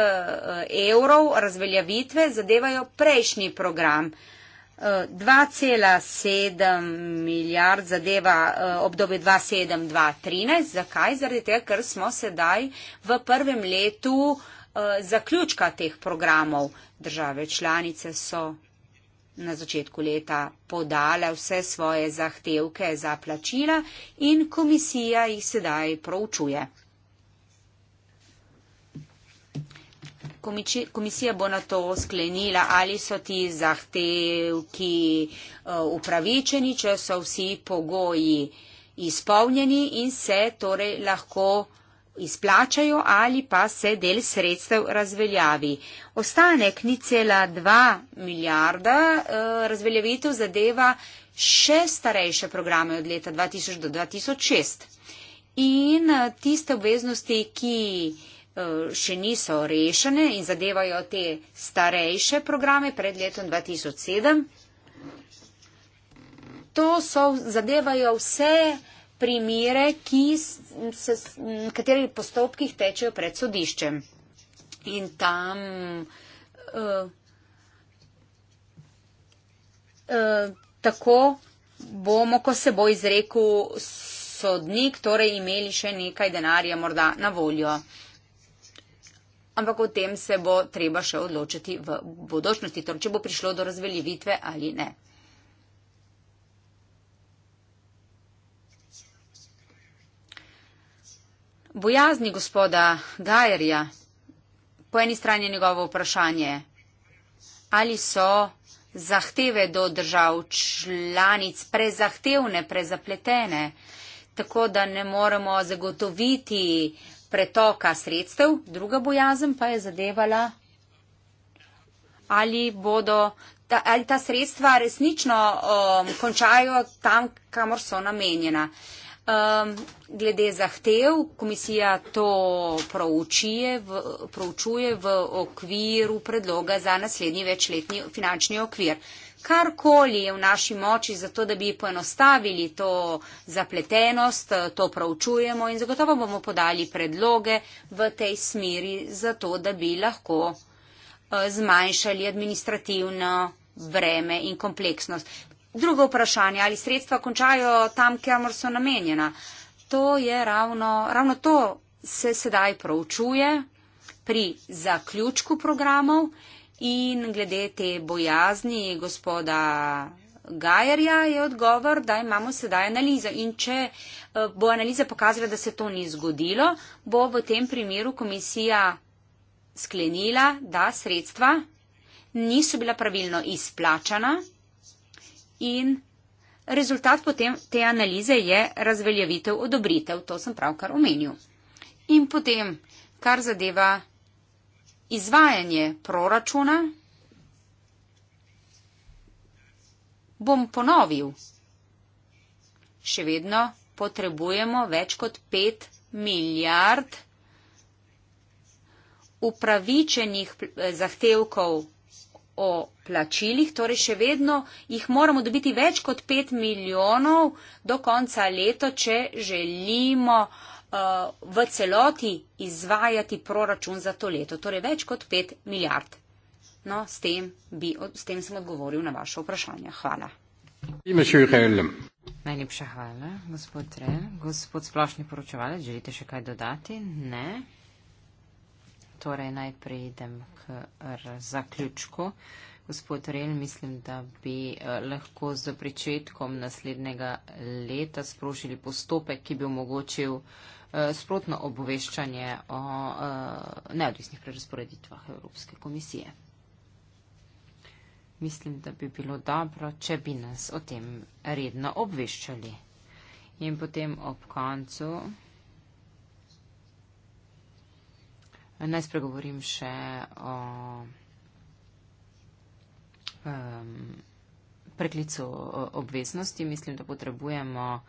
evrov razveljavitve zadevajo prejšnji program. 2,7 milijard zadeva obdobje 2007-2013. Zakaj? Zaradi tega, ker smo sedaj v prvem letu uh, Eh, zaključka teh programov. Države članice so na začetku leta podale vse svoje zahtevke za plačila in komisija jih sedaj proučuje. Komisija bo na to sklenila, ali so ti zahtevki eh, upravičeni, če so vsi pogoji izpolnjeni in se torej lahko izplačajo ali pa se del sredstev razveljavi. Ostanek ni cela dva milijarda, eh, razveljavitev zadeva še starejše programe od leta 2000 do 2006. In eh, tiste obveznosti, ki eh, še niso rešene in zadevajo te starejše programe pred letom 2007, to so, zadevajo vse primere, se, na katerih postopkih tečejo pred sodiščem. In tam uh, uh, tako bomo, ko se bo izrekel sodnik, torej imeli še nekaj denarja morda na voljo. Ampak o tem se bo treba še odločiti v bodočnosti, torej če bo prišlo do razveljivitve ali ne. bojazni gospoda Gajerja, po eni strani je njegovo vprašanje, ali so zahteve do držav članic prezahtevne, prezapletene, tako da ne moremo zagotoviti pretoka sredstev. Druga bojazen pa je zadevala, ali bodo. Ta, ali ta sredstva resnično um, končajo tam, kamor so namenjena. Uh, Um, glede zahtev, komisija to proučuje, v, proučuje v okviru predloga za naslednji večletni finančni okvir. Karkoli je v naši moči za to, da bi poenostavili to zapletenost, to proučujemo in zagotovo bomo podali predloge v tej smeri za to, da bi lahko eh, zmanjšali administrativno breme in kompleksnost. Drugo vprašanje, ali sredstva končajo tam, kjer so namenjena. To je ravno, ravno to se sedaj proučuje pri zaključku programov in glede te bojazni gospoda Gajerja je odgovor, da imamo sedaj analizo in če eh, bo analiza pokazala, da se to ni zgodilo, bo v tem primeru komisija sklenila, da sredstva niso bila pravilno izplačana in rezultat potem te analize je razveljavitev odobritev, to sem pravkar omenil. In potem, kar zadeva izvajanje proračuna, bom ponovil, še vedno potrebujemo več kot 5 milijard upravičenih zahtevkov o plačilih, torej še vedno jih moramo dobiti več kot 5 milijonov do konca leta, če želimo uh, v celoti izvajati proračun za to leto, torej več kot 5 milijard. No, s tem, bi, s tem sem odgovoril na vaše vprašanje. Hvala. Najlepša hvala, gospod Re. Gospod splošni poročevalec, želite še kaj dodati? Ne. Torej najprej idem k zaključku. Gospod Rel, mislim, da bi eh, lahko z pričetkom naslednjega leta sprožili postopek, ki bi omogočil eh, sprotno obveščanje o eh, neodvisnih prerasporeditvah Evropske komisije. Mislim, da bi bilo dobro, če bi nas o tem redno obveščali. In potem ob koncu naj spregovorim še o um, preklicu obveznosti, mislim, da potrebujemo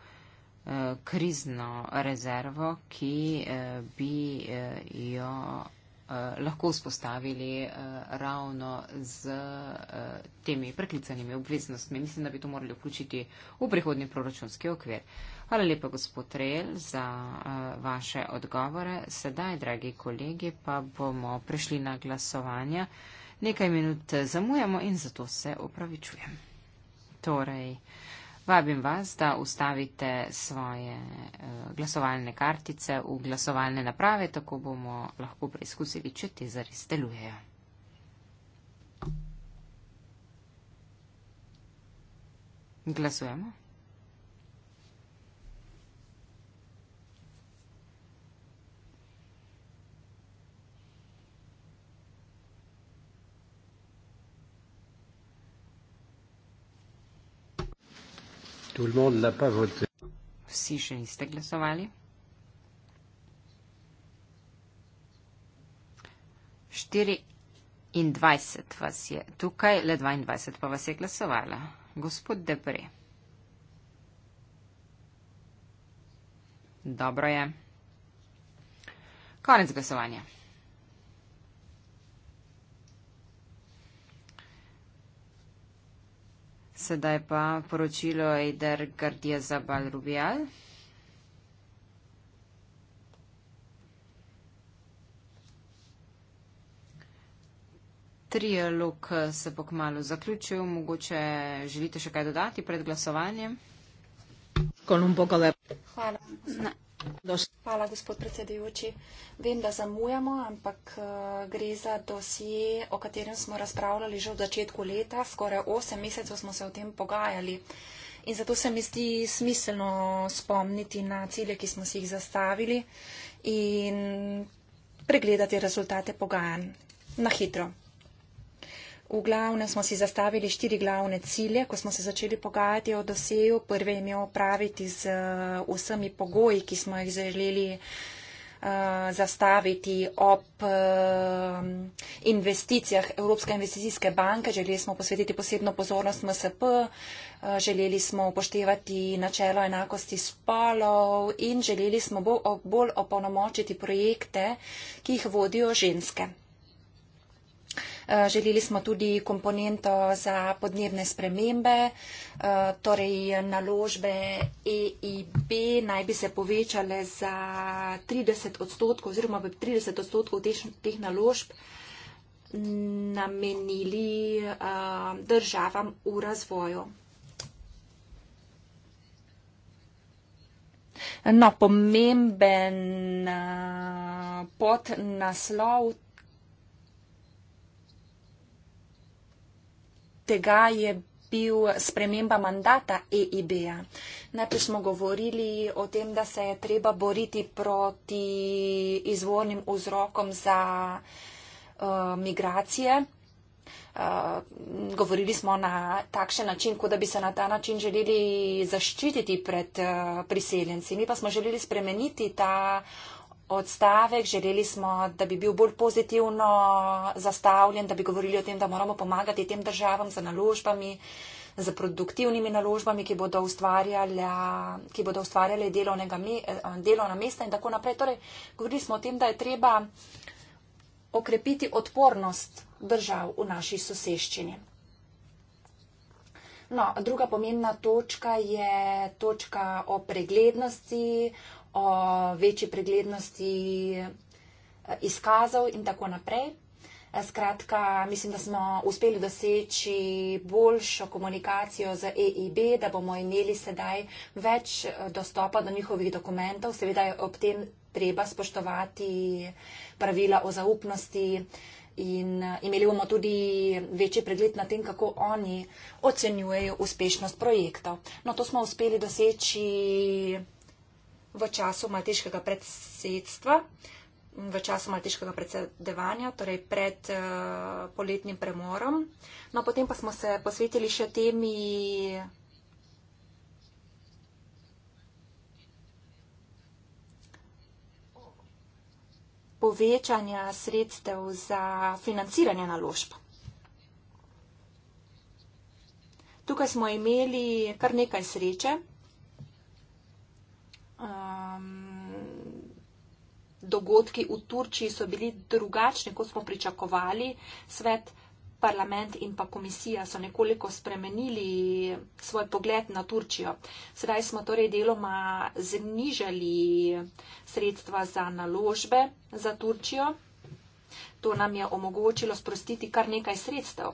uh, krizno rezervo, ki uh, bi uh, jo uh, lahko vzpostavili uh, ravno z uh, temi preklicanimi obveznostmi. Mislim, da bi to morali vključiti v prihodni proračunski okvir. Hvala lepa, gospod Trejl, za uh, vaše odgovore. Sedaj, dragi kolegi, pa bomo prišli na glasovanje. Uh, nekaj minut zamujamo in zato se opravičujem. Torej, vabim vas, da ustavite svoje eh, glasovalne kartice v glasovalne naprave, tako bomo lahko preizkusili, če te zares delujejo. Glasujemo. Vsi še niste glasovali? 24 vas je tukaj, le 22 pa vas je glasovala. Gospod Debre. Dobro je. Konec glasovanja. Sedaj pa poročilo Eider Gardija Zabal Rubial. Trialog se bo kmalo zaključil. Mogoče želite še kaj dodati pred glasovanjem? Hvala. Ne. Hvala, gospod predsedujoči. Vem, da zamujamo, ampak eh, gre za dosije, o katerem smo razpravljali že v začetku leta. Skoraj 8 mesecev smo se o tem pogajali. In zato se mi zdi smiselno spomniti na cilje, ki smo si jih zastavili in pregledati rezultate pogajanj na hitro. V glavne smo si zastavili štiri glavne cilje, ko smo se začeli pogajati o doseju. Prve je imel praviti z eh, vsemi pogoji, ki smo jih želeli eh, zastaviti ob eh, investicijah Evropske investicijske banke. Želeli smo posvetiti posebno pozornost MSP, želeli smo upoštevati načelo enakosti spolov in želeli smo bolj opolnomočiti projekte, ki jih vodijo ženske. Želeli smo tudi komponento za podnebne spremembe, torej naložbe EIB naj bi se povečale za 30 odstotkov oziroma 30 odstotkov teh, teh naložb namenili državam v razvoju. No, pomemben podnaslov tega je bil sprememba mandata EIB-a. Najprej smo govorili o tem, da se je treba boriti proti izvornim vzrokom za uh, migracije. Uh, govorili smo na takšen način, kot da bi se na ta način želeli zaščititi pred uh, priseljenci. Mi pa smo želeli spremeniti ta odstavek, želeli smo, da bi bil bolj pozitivno zastavljen, da bi govorili o tem, da moramo pomagati tem državam za naložbami, za produktivnimi naložbami, ki bodo ustvarjale, ki bodo ustvarjale delovnega, delovna mesta in tako naprej. Torej, govorili smo o tem, da je treba okrepiti odpornost držav v naši soseščini. No, druga pomembna točka je točka o preglednosti, o večji preglednosti eh, izkazov in tako naprej. Eh, skratka, mislim, da smo uspeli doseči boljšo komunikacijo z EIB, da bomo imeli sedaj več eh, dostopa do njihovih dokumentov. Seveda je ob tem treba spoštovati pravila o zaupnosti in imeli bomo tudi večji pregled na tem, kako oni ocenjujejo uspešnost projektov. No, to smo uspeli doseči v času malteškega predsedstva, v času malteškega predsedevanja, torej pred uh, poletnim premorom. No, potem pa smo se posvetili še temi. povečanja sredstev za financiranje naložb. Tukaj smo imeli kar nekaj sreče um, dogodki v Turčiji so bili drugačni, kot smo pričakovali. Svet, parlament in pa komisija so nekoliko spremenili svoj pogled na Turčijo. Sedaj smo torej deloma znižali sredstva za naložbe za Turčijo. To nam je omogočilo sprostiti kar nekaj sredstev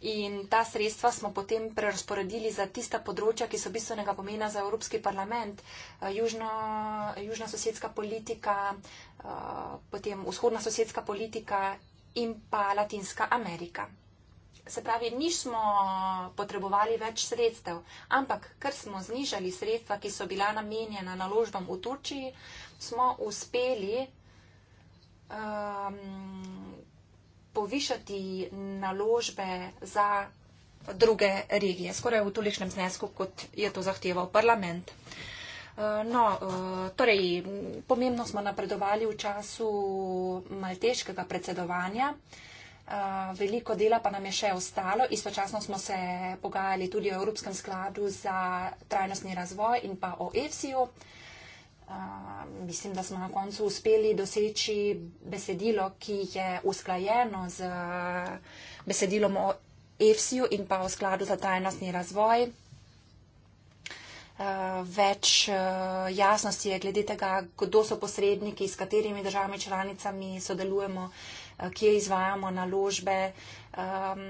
In ta sredstva smo potem prerasporedili za tista področja, ki so bistvenega pomena za Evropski parlament, eh, južno, južna sosedska politika, eh, potem vzhodna sosedska politika in pa Latinska Amerika. Se pravi, nismo potrebovali več sredstev, ampak ker smo znižali sredstva, ki so bila namenjena naložbam v Turčiji, smo uspeli. Um, povišati naložbe za druge regije, skoraj v tolikšnem znesku, kot je to zahteval parlament. Eh, no, eh, torej, pomembno smo napredovali v času malteškega predsedovanja. Eh, veliko dela pa nam je še ostalo. Istočasno smo se pogajali tudi o Evropskem skladu za trajnostni razvoj in pa o EFSI-ju mislim, da smo na koncu uspeli doseči besedilo, ki je usklajeno z besedilom o EFSI-ju in pa v skladu za trajnostni razvoj. Uh, več uh, jasnosti je glede tega, kdo so posredniki, s katerimi državami članicami sodelujemo, uh, kje izvajamo naložbe. Uh, um,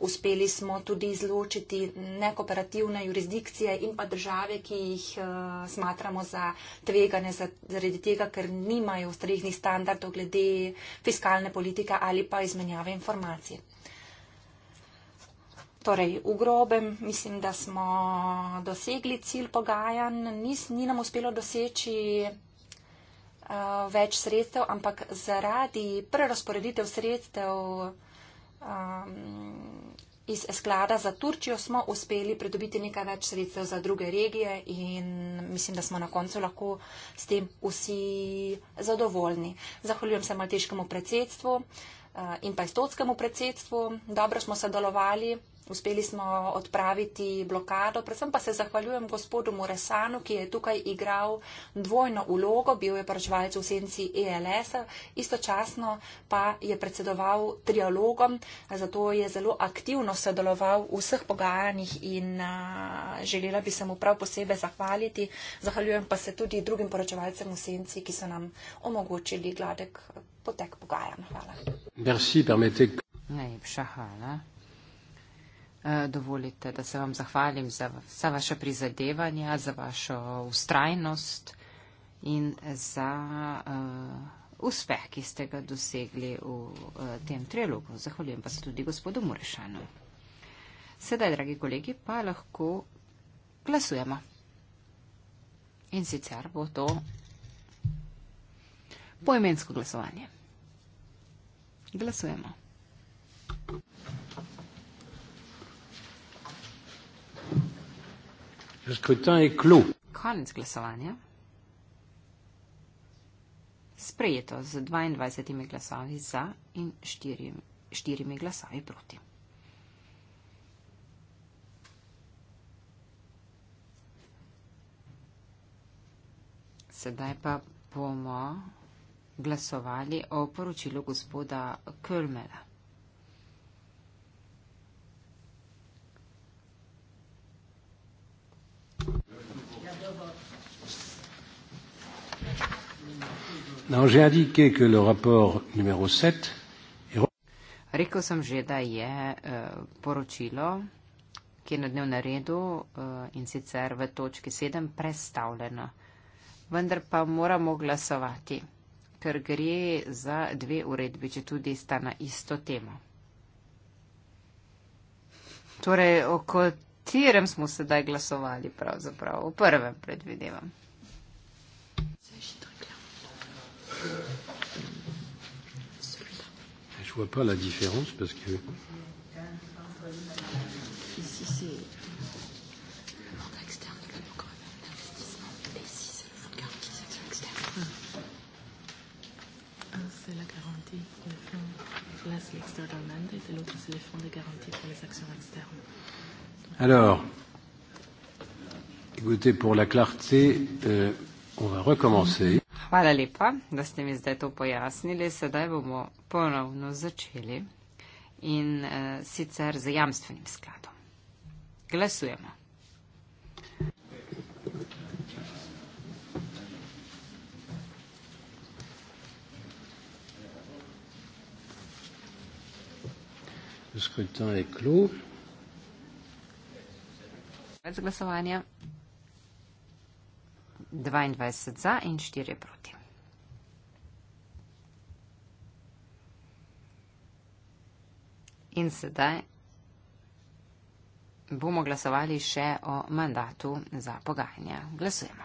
uspeli smo tudi izločiti nekooperativne jurisdikcije in pa države, ki jih uh, smatramo za tvegane zaradi tega, ker nimajo ustreznih standardov glede fiskalne politike ali pa izmenjave informacij. Torej, v grobem mislim, da smo dosegli cilj pogajanj, ni, ni nam uspelo doseči uh, več sredstev, ampak zaradi prerasporeditev sredstev um, iz sklada za Turčijo smo uspeli pridobiti nekaj več sredstev za druge regije in mislim, da smo na koncu lahko s tem vsi zadovoljni. Zahvaljujem se malteškemu predsedstvu uh, in pa istotskemu predsedstvu. Dobro smo sodelovali. Uspeli smo odpraviti blokado, predvsem pa se zahvaljujem gospodu Muresanu, ki je tukaj igral dvojno ulogo, bil je pražvalec v senci ELS-a, istočasno pa je predsedoval trialogom, zato je zelo aktivno sodeloval v vseh pogajanjih in a, želela bi se mu prav posebej zahvaliti. Zahvaljujem pa se tudi drugim poročevalcem v senci, ki so nam omogočili gladek potek pogajanj. Hvala. Merci, Najlepša hvala. Eh, dovolite, da se vam zahvalim za vsa vaša prizadevanja, za vašo ustrajnost in za uh, uspeh, ki ste ga dosegli v uh, tem trilogu. Zahvaljujem pa se tudi gospodu Murešanu. Sedaj, dragi kolegi, pa lahko glasujemo. In sicer bo to poimensko glasovanje. Glasujemo. thank you Konec glasovanja. Sprejeto z 22 glasovi za in 4 glasovi proti. Sedaj pa bomo glasovali o poročilu gospoda Kölmela. Alors, j'ai indiqué que le rapport numéro 7 Rekel sem že, da je eh, poročilo, ki je na dnevnem redu eh, in sicer v točki 7 predstavljeno. Vendar pa moramo glasovati, ker gre za dve uredbi, če tudi sta na isto temo. Torej, o katerem smo sedaj glasovali pravzaprav? O prvem predvidevam. vois pas la différence parce que. Ici, c'est. C'est la garantie pour les fonds. Là, c'est l'external mandate. Et l'autre, c'est les fonds de garantie pour les actions externes. Donc, Alors, écoutez, pour la clarté, euh, on va recommencer. Mm -hmm. Hvala lepa, da ste mi zdaj to pojasnili. Sedaj bomo ponovno začeli in uh, sicer z jamstvenim skladom. Glasujemo. Le scrutin est clos. Merci, 22 za in 4 proti. In sedaj bomo glasovali še o mandatu za pogajanja. Glasujemo.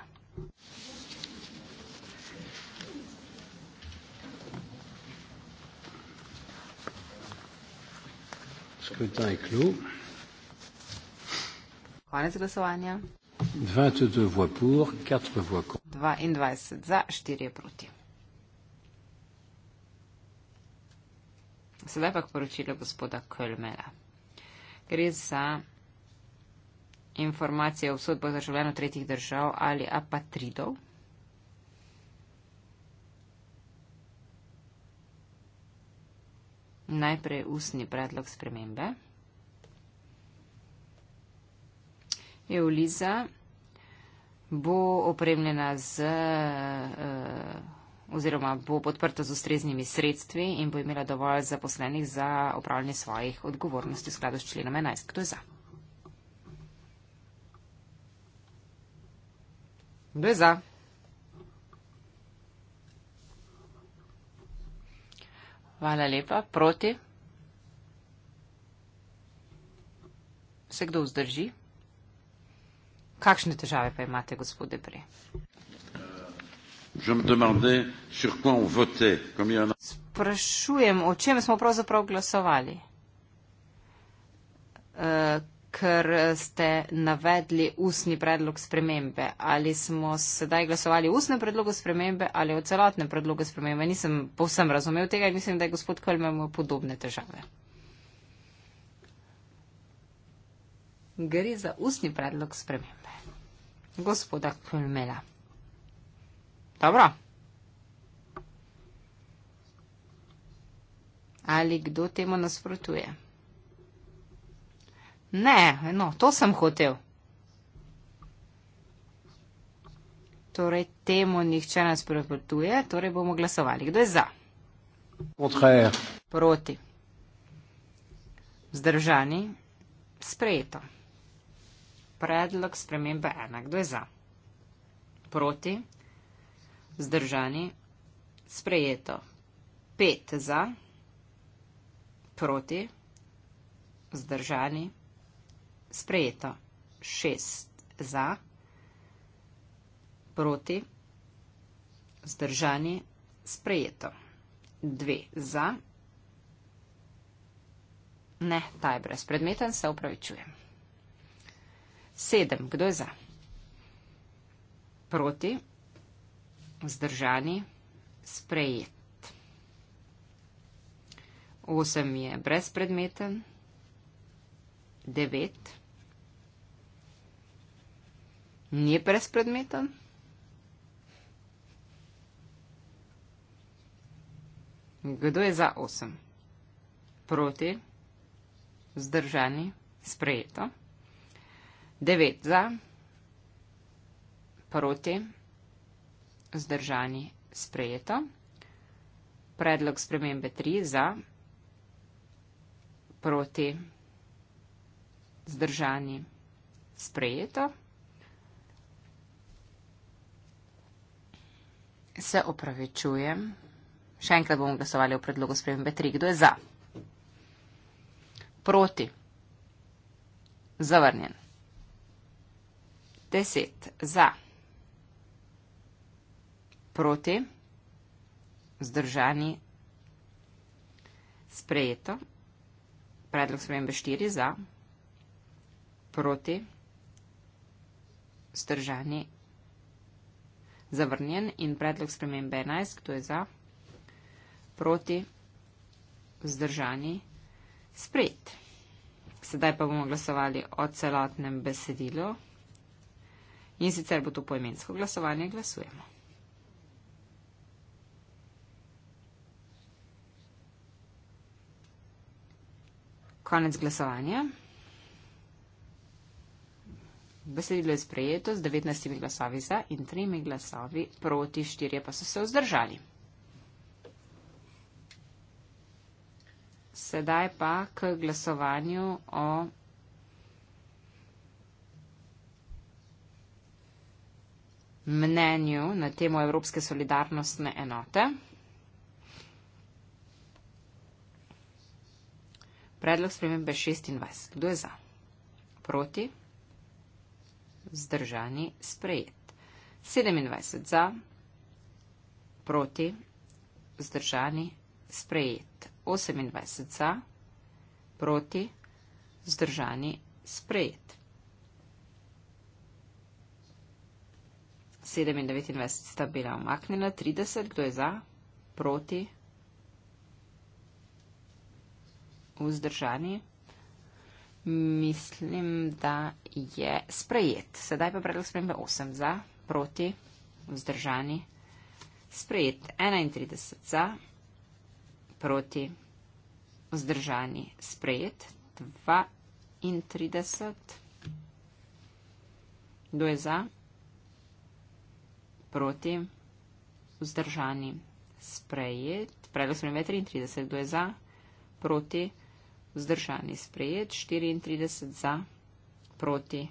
Konec glasovanja. 22 za, 4 proti. Sedaj pa poročilo gospoda Kölmela. Gre za informacije o sodbah državljanov tretjih držav ali apatridov. Najprej ustni predlog spremembe. Euliza bo opremljena z eh, oziroma bo podprta z ustreznimi sredstvi in bo imela dovolj zaposlenih za opravljanje svojih odgovornosti v skladu s členom 11. Kdo je za? Kdo je za? Hvala lepa. Proti? Se kdo vzdrži? Kakšne težave pa imate, gospode Bre? Sprašujem, o čem smo pravzaprav glasovali, eh, ker ste navedli usni predlog spremembe. Ali smo sedaj glasovali o usnem predlogu spremembe ali o celotnem predlogu spremembe? Nisem povsem razumel tega in mislim, da je gospod Kolm imel podobne težave. gre za usni predlog spremembe. Gospoda Kulmela. Dobro. Ali kdo temu nasprotuje? Ne, no, to sem hotel. Torej, temu nihče nas prepotuje, torej bomo glasovali. Kdo je za? Odhaja. Proti. Zdržani. Sprejeto predlog spremembe ena. Kdo je za? Proti? Zdržani? Sprejeto. Pet za? Proti? Zdržani? Sprejeto. Šest za? Proti? Zdržani? Sprejeto. Dve za? Ne, ta je brez predmeten, se upravičujem. Sedem. Kdo je za? Proti. Vzdržani. Sprejet. Osem je brezpredmeten. Devet. Ni brezpredmeten. Kdo je za osem? Proti. Zdržani. Sprejeto. 9 za, proti, zdržani, sprejeto. Predlog spremembe 3 za, proti, zdržani, sprejeto. Se opravičujem. Še enkrat bomo glasovali o predlogu spremembe 3. Kdo je za? Proti. Zavrnjen deset za. Proti, vzdržani, sprejeto, predlog spremembe štiri za, proti, vzdržani, zavrnjen in predlog spremembe enajst, kdo je za, proti, vzdržani, sprejet. Sedaj pa bomo glasovali o celotnem besedilu. In sicer bo to poimensko glasovanje, glasujemo. Konec glasovanja. Besedilo je sprejeto z 19 glasovi za in 3 glasovi proti, 4 pa so se vzdržali. Sedaj pa k glasovanju o mnenju na temo Evropske solidarnostne enote. Predlog spremembe 26. Kdo je za? Proti? Zdržani? Sprejet. 27. Za? Proti? Zdržani? Sprejet. 28. Za? Proti? Zdržani? Sprejet. 7 in 29 sta bila omaknjena, 30, kdo je za, proti, vzdržani. Mislim, da je sprejet. Sedaj pa predlog spremembe 8 za, proti, vzdržani, sprejet. 31 za, proti, vzdržani, sprejet. 32. Kdo je za? proti, vzdržani, sprejet, predlog spremembe 33, kdo je za, proti, vzdržani, sprejet, 34 za, proti,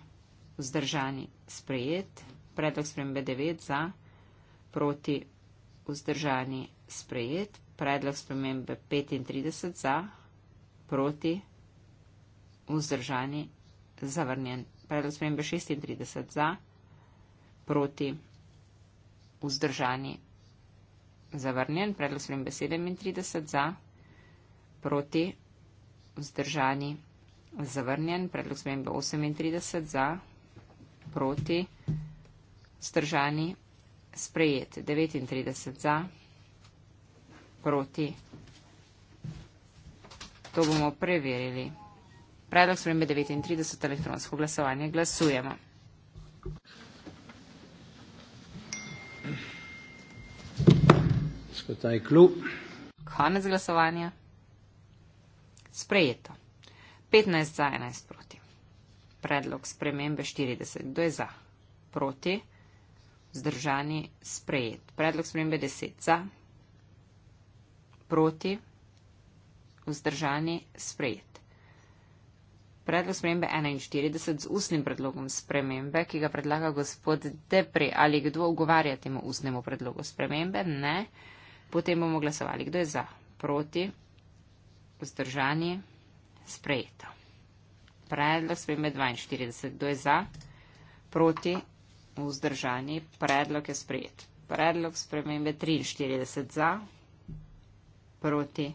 vzdržani, sprejet, predlog spremembe 9 za, proti, vzdržani, sprejet, predlog spremembe 35 za, proti, vzdržani, zavrnjen, predlog spremembe 36 za, proti, vzdržani, vzdržani. Zavrnjen, predlog spremembe 37 za, proti, vzdržani, zavrnjen, predlog spremembe 38 za, proti, vzdržani, sprejet, 39 za, proti. To bomo preverili. Predlog spremembe 39 elektronsko glasovanje glasujemo. Konec glasovanja. Sprejeto. 15 za 11 proti. Predlog spremembe 40. Kdo je za? Proti. Zdržani sprejet. Predlog spremembe 10 za. Proti. Vzdržani sprejet. Predlog spremembe 41 z ustnim predlogom spremembe, ki ga predlaga gospod Depri. Ali kdo ugovarja temu ustnemu predlogu spremembe? Ne. Potem bomo glasovali, kdo je za, proti, vzdržani, sprejeto. Predlog spremembe 42. Kdo je za, proti, vzdržani, predlog je sprejet. Predlog spremembe 43. Za, proti,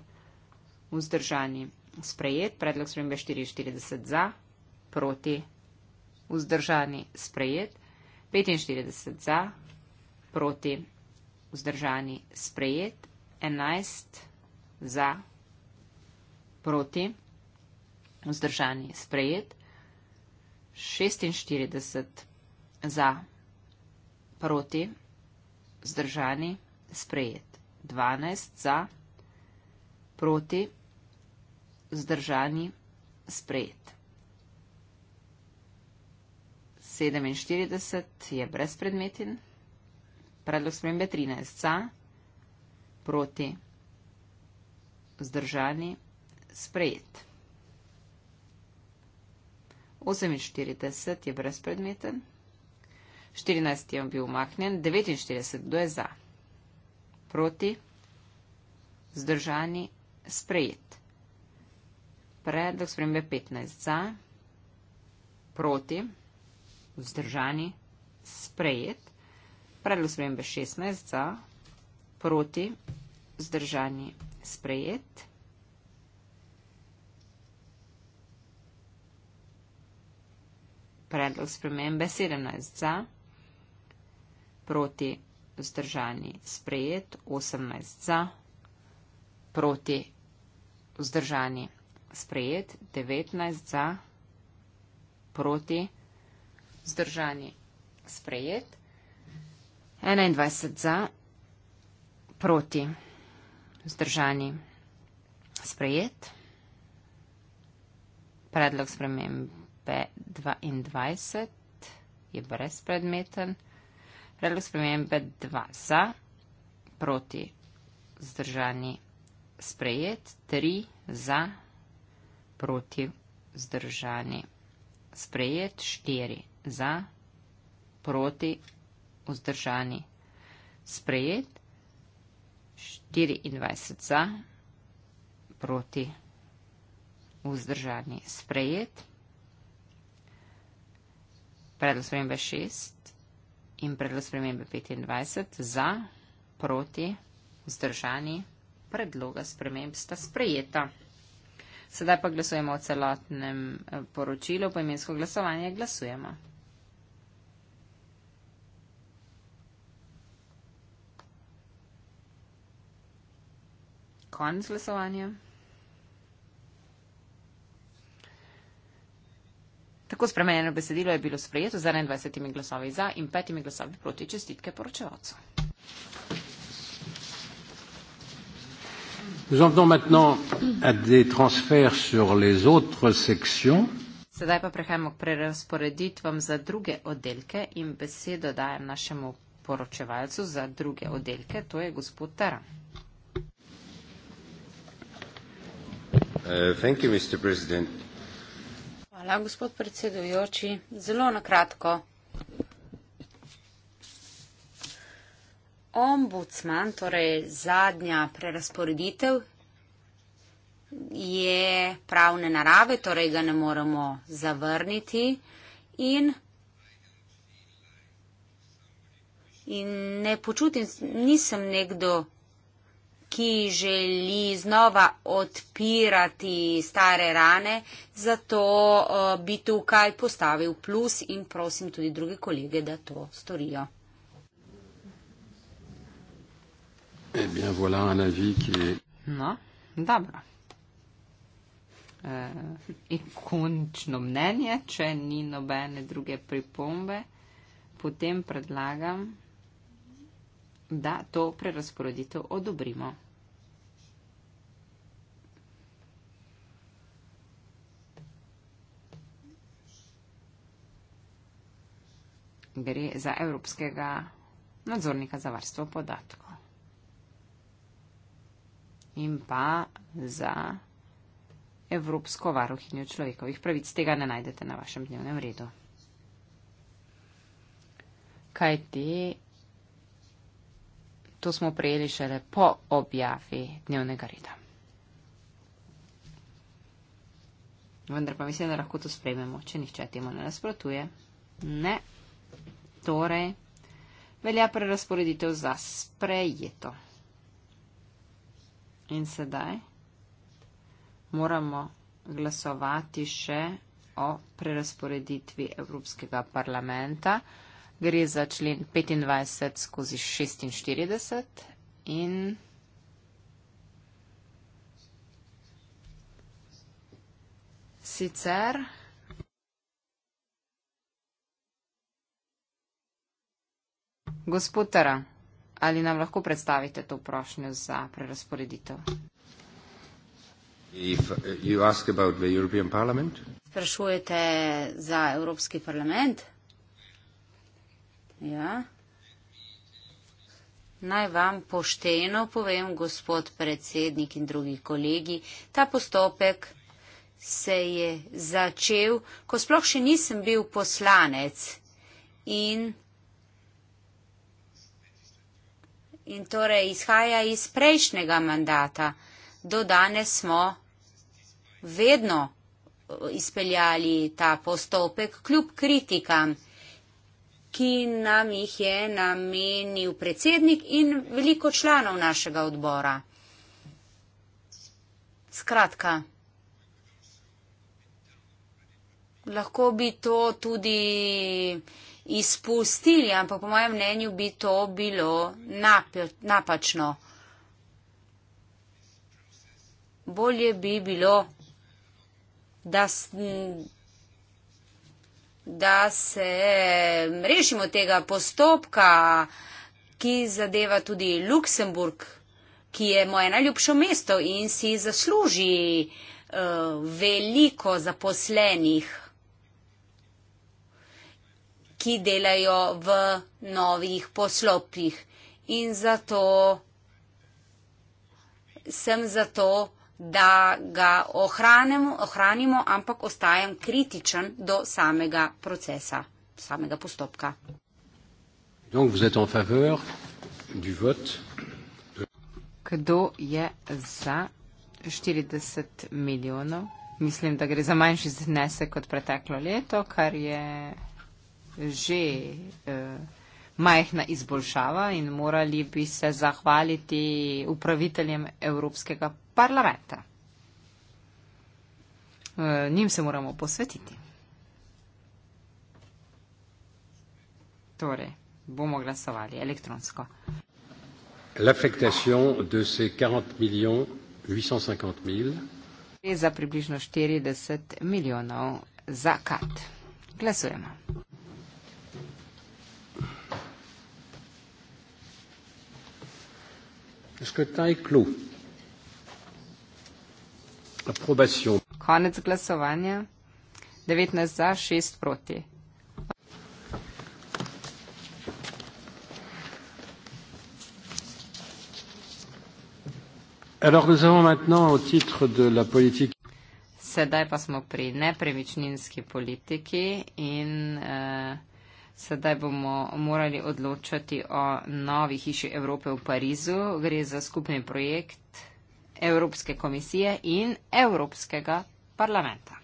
vzdržani, sprejet. Predlog spremembe 44. Za, proti, vzdržani, sprejet. 45. Za, proti, vzdržani vzdržani, sprejet, 11 za, proti, vzdržani, sprejet, 46 za, proti, vzdržani, sprejet, 12 za, proti, vzdržani, sprejet. 47 je brezpredmeten. Predlog spremembe 13. Za, proti, vzdržani, sprejet. 48 je brezpredmeten, 14 je bil umaknjen, 49 do je za, proti, vzdržani, sprejet. Predlog spremembe 15. Za, proti, vzdržani, sprejet. Predlog spremembe 16 za proti zdržani sprejet. Predlog spremembe 17 za proti zdržani sprejet, 18 za proti zdržani sprejet, 19 za proti zdržani sprejet. 21 za, proti, vzdržani, sprejet. Predlog spremembe 22 je brezpredmeten. Predlog spremembe 2 za, proti, vzdržani, sprejet. 3 za, proti, vzdržani, sprejet. 4 za, proti, vzdržani vzdržani. Sprejet 24 za, proti vzdržani. Sprejet predlog spremembe 6 in predlog spremembe 25 za, proti vzdržani predloga sprememb sta sprejeta. Sedaj pa glasujemo o celotnem eh, poročilu, poimensko glasovanje glasujemo. konec glasovanja. Tako spremenjeno besedilo je bilo sprejeto z 21 glasovi za in 5 glasovi proti čestitke poročevalcu. Sedaj pa prehajamo k prerasporeditvam za druge oddelke in besedo dajem našemu poročevalcu za druge oddelke, to je gospod Taran. Uh, Ombudsman, torej zadnja prerasporeditev, je pravne narave, torej ga ne moremo zavrniti in, in ne počutim, nisem nekdo, ki želi znova odpirati stare rane, zato eh, bi tukaj postavil plus in prosim tudi druge kolege, da to storijo. Eh bien, voilà un avis qui est... No, dobro. Uh, in končno mnenje, če ni nobene druge pripombe, potem predlagam da to prerasporeditev odobrimo. Gre za Evropskega nadzornika za varstvo podatkov. In pa za Evropsko varuhinjo človekovih pravic. Tega ne najdete na vašem dnevnem redu. Kaj ti? Te to smo prejeli šele po objavi dnevnega reda. Vendar pa mislim, da lahko to sprejmemo, če nihče temu ne nasprotuje. Ne. Torej, velja prerasporeditev za sprejeto. In sedaj moramo glasovati še o prerasporeditvi Evropskega parlamenta gre za člen 25 skozi 46 in sicer gospod Tara, ali nam lahko predstavite to prošnjo za prerasporeditev? Uh, Sprašujete za Evropski parlament? Ja. Naj vam pošteno povem, gospod predsednik in drugi kolegi, ta postopek se je začel, ko sploh še nisem bil poslanec. In, in torej izhaja iz prejšnjega mandata. Do danes smo vedno eh, izpeljali ta postopek, kljub kritikam ki nam jih je namenil predsednik in veliko članov našega odbora. Skratka, lahko bi to tudi izpustili, ampak po mojem mnenju bi to bilo napačno. Bolje bi bilo, da da se rešimo tega postopka, ki zadeva tudi Luksemburg, ki je moje najljubše mesto in si zasluži uh, veliko zaposlenih, ki delajo v novih poslopih. In zato sem zato da ga ohranimo, ohranimo, ampak ostajam kritičen do samega procesa, samega postopka. Donc, vous êtes en faveur du vote de... Kdo je za 40 milijonov? Mislim, da gre za manjši znesek kot preteklo leto, kar je že eh, majhna izboljšava in morali bi se zahvaliti upraviteljem Evropskega parlamenta. E, njim se moramo posvetiti. Torej, bomo glasovali elektronsko. L'affectation de ces 40 millions 850 000. Za približno 40 milijonov za kat. Glasujemo. Le scrutin est clos aprobation. Konec glasovanja. 19 za, 6 proti. Alors nous avons maintenant au titre de la politique. Sedaj pa smo pri nepremičninski politiki in uh, sedaj bomo morali odločati o novi hiši Evrope v Parizu. Gre za skupni projekt. Evropske komisije in Evropskega parlamenta.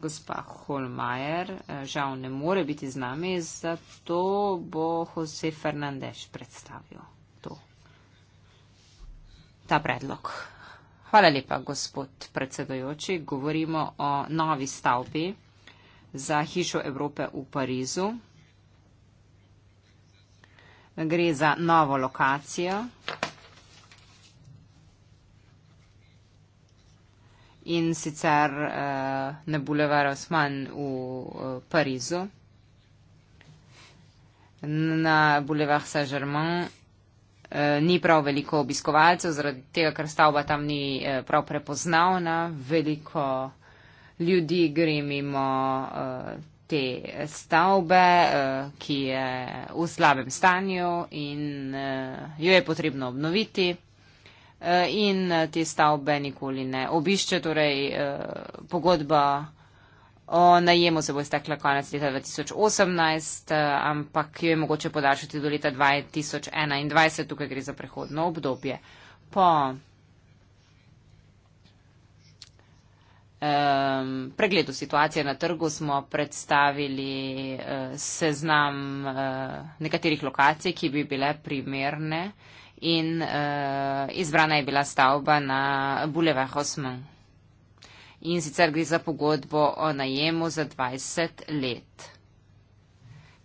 Gospa Holmajer eh, žal ne more biti z nami, zato bo Jose Fernandez predstavil to, ta predlog. Hvala lepa, gospod predsedojoči. Govorimo o novi stavbi za hišo Evrope v Parizu. Gre za novo lokacijo, in sicer uh, na Boulevard Osman v uh, Parizu, na Boulevard Saint-Germain. Eh, ni prav veliko obiskovalcev, zaradi tega, ker stavba tam ni prav prepoznavna. Veliko ljudi gre mimo te stavbe, ki je v slabem stanju in jo je potrebno obnoviti. Eh, in eh, te stavbe nikoli ne obišče. Torej, eh, pogodba o najemu se bo iztekla konec leta 2018, ampak jo je mogoče podaljšati do leta 2021, tukaj gre za prehodno obdobje. Po Um, pregledu situacije na trgu smo predstavili uh, seznam uh, nekaterih lokacij, ki bi bile primerne uh, in uh, izbrana je bila stavba na Boulevard Haussmann. In sicer gre za pogodbo o najemu za 20 let.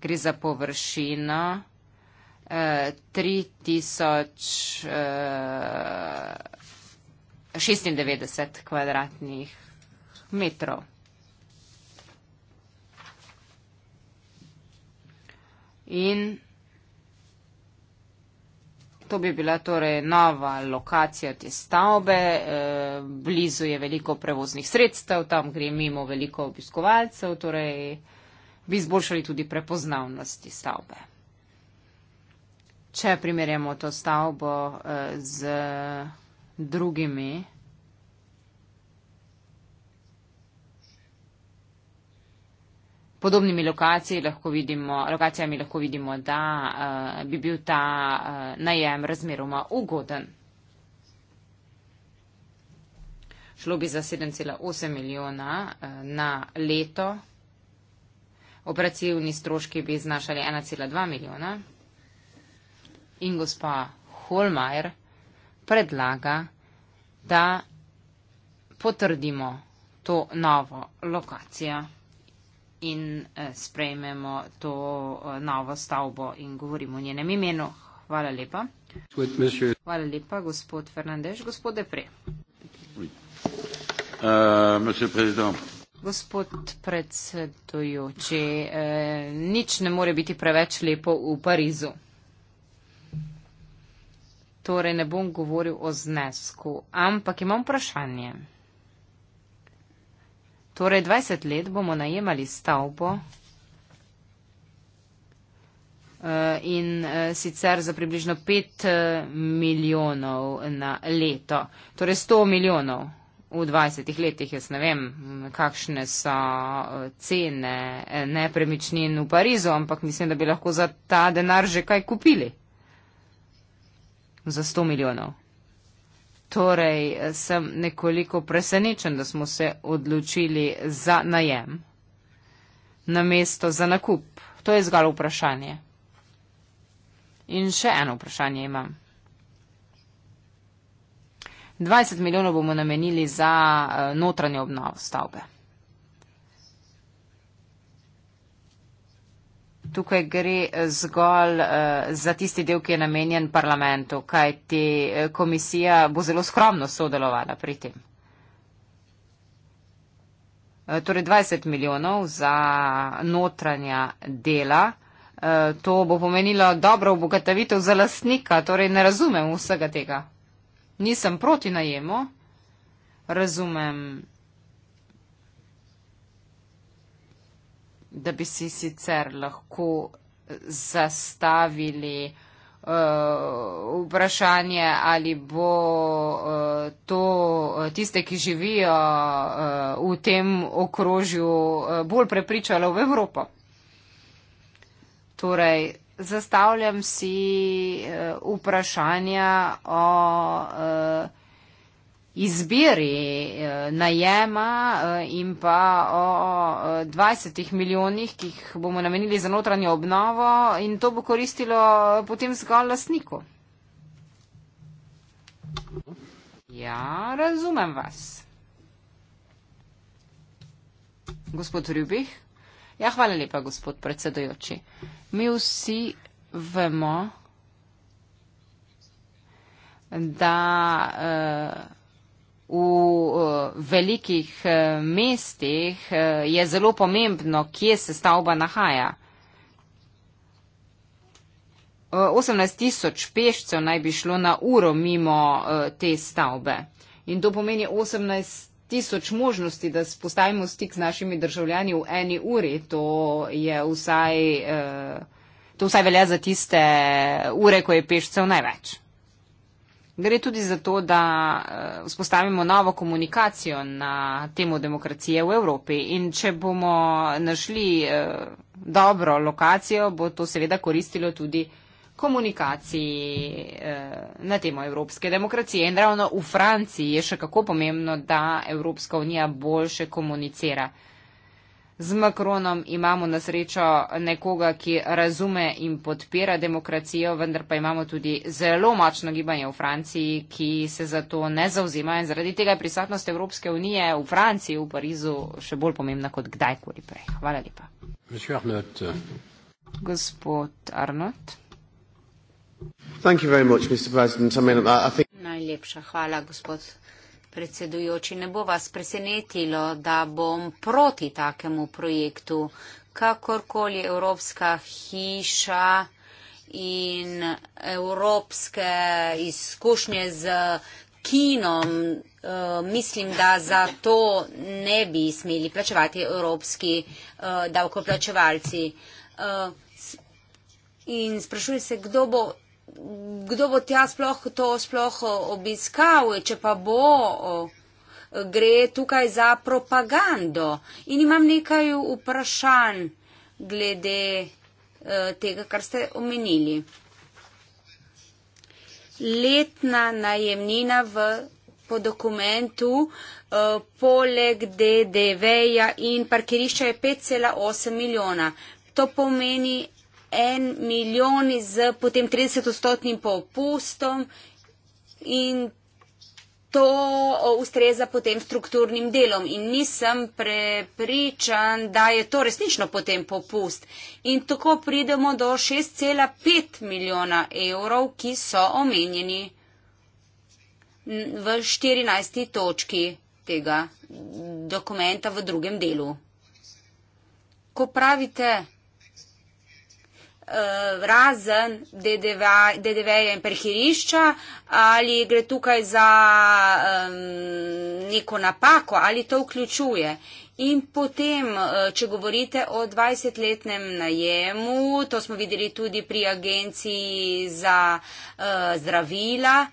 Gre za površino uh, 3000. Uh, 96 kvadratnih metrov. In To bi bila torej nova lokacija te stavbe. E, blizu je veliko prevoznih sredstev, tam gre mimo veliko obiskovalcev, torej bi izboljšali tudi prepoznavnost te stavbe. Če primerjamo to stavbo e, z drugimi podobnimi lahko vidimo, lokacijami lahko vidimo, da eh, bi bil ta eh, najem razmeroma ugoden. Šlo bi za 7,8 milijona eh, na leto. Operacijski stroški bi znašali 1,2 milijona. In gospa Holmajer predlaga, da potrdimo to novo lokacijo in eh, sprejmemo to eh, novo stavbo in govorimo o njenem imenu. Hvala lepa. Hvala lepa, gospod Fernandez. Gospod Depre. Uh, gospod predsedujoči, eh, nič ne more biti preveč lepo v Parizu. Torej, ne bom govoril o znesku, ampak imam vprašanje. Torej, 20 let bomo najemali stavbo eh, in eh, sicer za približno 5 eh, milijonov na leto. Torej, 100 milijonov v 20 letih, jaz ne vem, kakšne so cene nepremičnin v Parizu, ampak mislim, da bi lahko za ta denar že kaj kupili. Za 100 milijonov. Torej, sem nekoliko presenečen, da smo se odločili za najem na mesto za nakup. To je zgolj vprašanje. In še eno vprašanje imam. 20 milijonov bomo namenili za eh, notranje obnovo stavbe. tukaj gre eh, zgolj eh, za tisti del, ki je namenjen parlamentu, kaj ti eh, komisija bo zelo skromno sodelovala pri tem. Torej 20 milijonov za notranja dela. To bo pomenilo dobro obogatavitev za lastnika, torej ne razumem vsega tega. Nisem proti najemu, razumem da bi si sicer lahko eh, zastavili uh, vprašanje, ali bo uh, to tiste, ki živijo uh, v tem okrožju, uh, bolj prepričalo v Evropo. Torej, zastavljam si uh, vprašanja o uh, izbiri eh, najema eh, in pa o 20 eh, milijonih, ki jih bomo namenili za notranjo obnovo in to bo koristilo potem zgolj lasniku. Ja, razumem vas. Gospod Rjubih. Ja, hvala lepa, gospod predsedojoči. Mi vsi vemo, da. Uh, v eh, velikih eh, mestih eh, je zelo pomembno, kje se stavba nahaja. 18 tisoč pešcev naj bi šlo na uro mimo te stavbe. In to pomeni 18 tisoč možnosti, da spostavimo stik z našimi državljani v eni uri. To je vsaj, to vsaj velja za tiste ure, ko je pešcev največ. Gre tudi za to, da eh, vzpostavimo novo komunikacijo na temo demokracije v Evropi in če bomo našli eh, dobro lokacijo, bo to seveda koristilo tudi komunikaciji eh, na temo evropske demokracije. In ravno v Franciji je še kako pomembno, da Evropska unija boljše komunicira z Makronom imamo na srečo nekoga, ki razume in podpira demokracijo, vendar pa imamo tudi zelo močno gibanje v Franciji, ki se za to ne zauzima in zaradi tega je prisotnost Evropske unije v Franciji, v Parizu še bolj pomembna kot kdajkoli prej. Hvala lepa. Arnott. Gospod Arnot. Much, I mean, I think... Najlepša hvala, gospod. Predsedujoči, ne bo vas presenetilo, da bom proti takemu projektu, kakorkoli Evropska hiša in evropske izkušnje z kinom, eh, mislim, da za to ne bi smeli plačevati evropski eh, davkoplačevalci. Eh, in sprašuje se, kdo bo kdo bo tja sploh to sploh obiskal, če pa bo, gre tukaj za propagando. In imam nekaj vprašanj glede e, tega, kar ste omenili. Letna najemnina v, po dokumentu e, poleg DDV-ja in parkirišča je 5,8 milijona. To pomeni en milijon z potem 30-stotnim popustom in to ustreza potem strukturnim delom in nisem prepričan, da je to resnično potem popust. In tako pridemo do 6,5 milijona evrov, ki so omenjeni v 14. točki tega dokumenta v drugem delu. Ko pravite, Eh, razen DDV-ja in prehirišča, ali gre tukaj za neko napako, ali to vključuje. In potem, eh, če govorite o 20-letnem najemu, to smo videli tudi pri agenciji za eh, zdravila,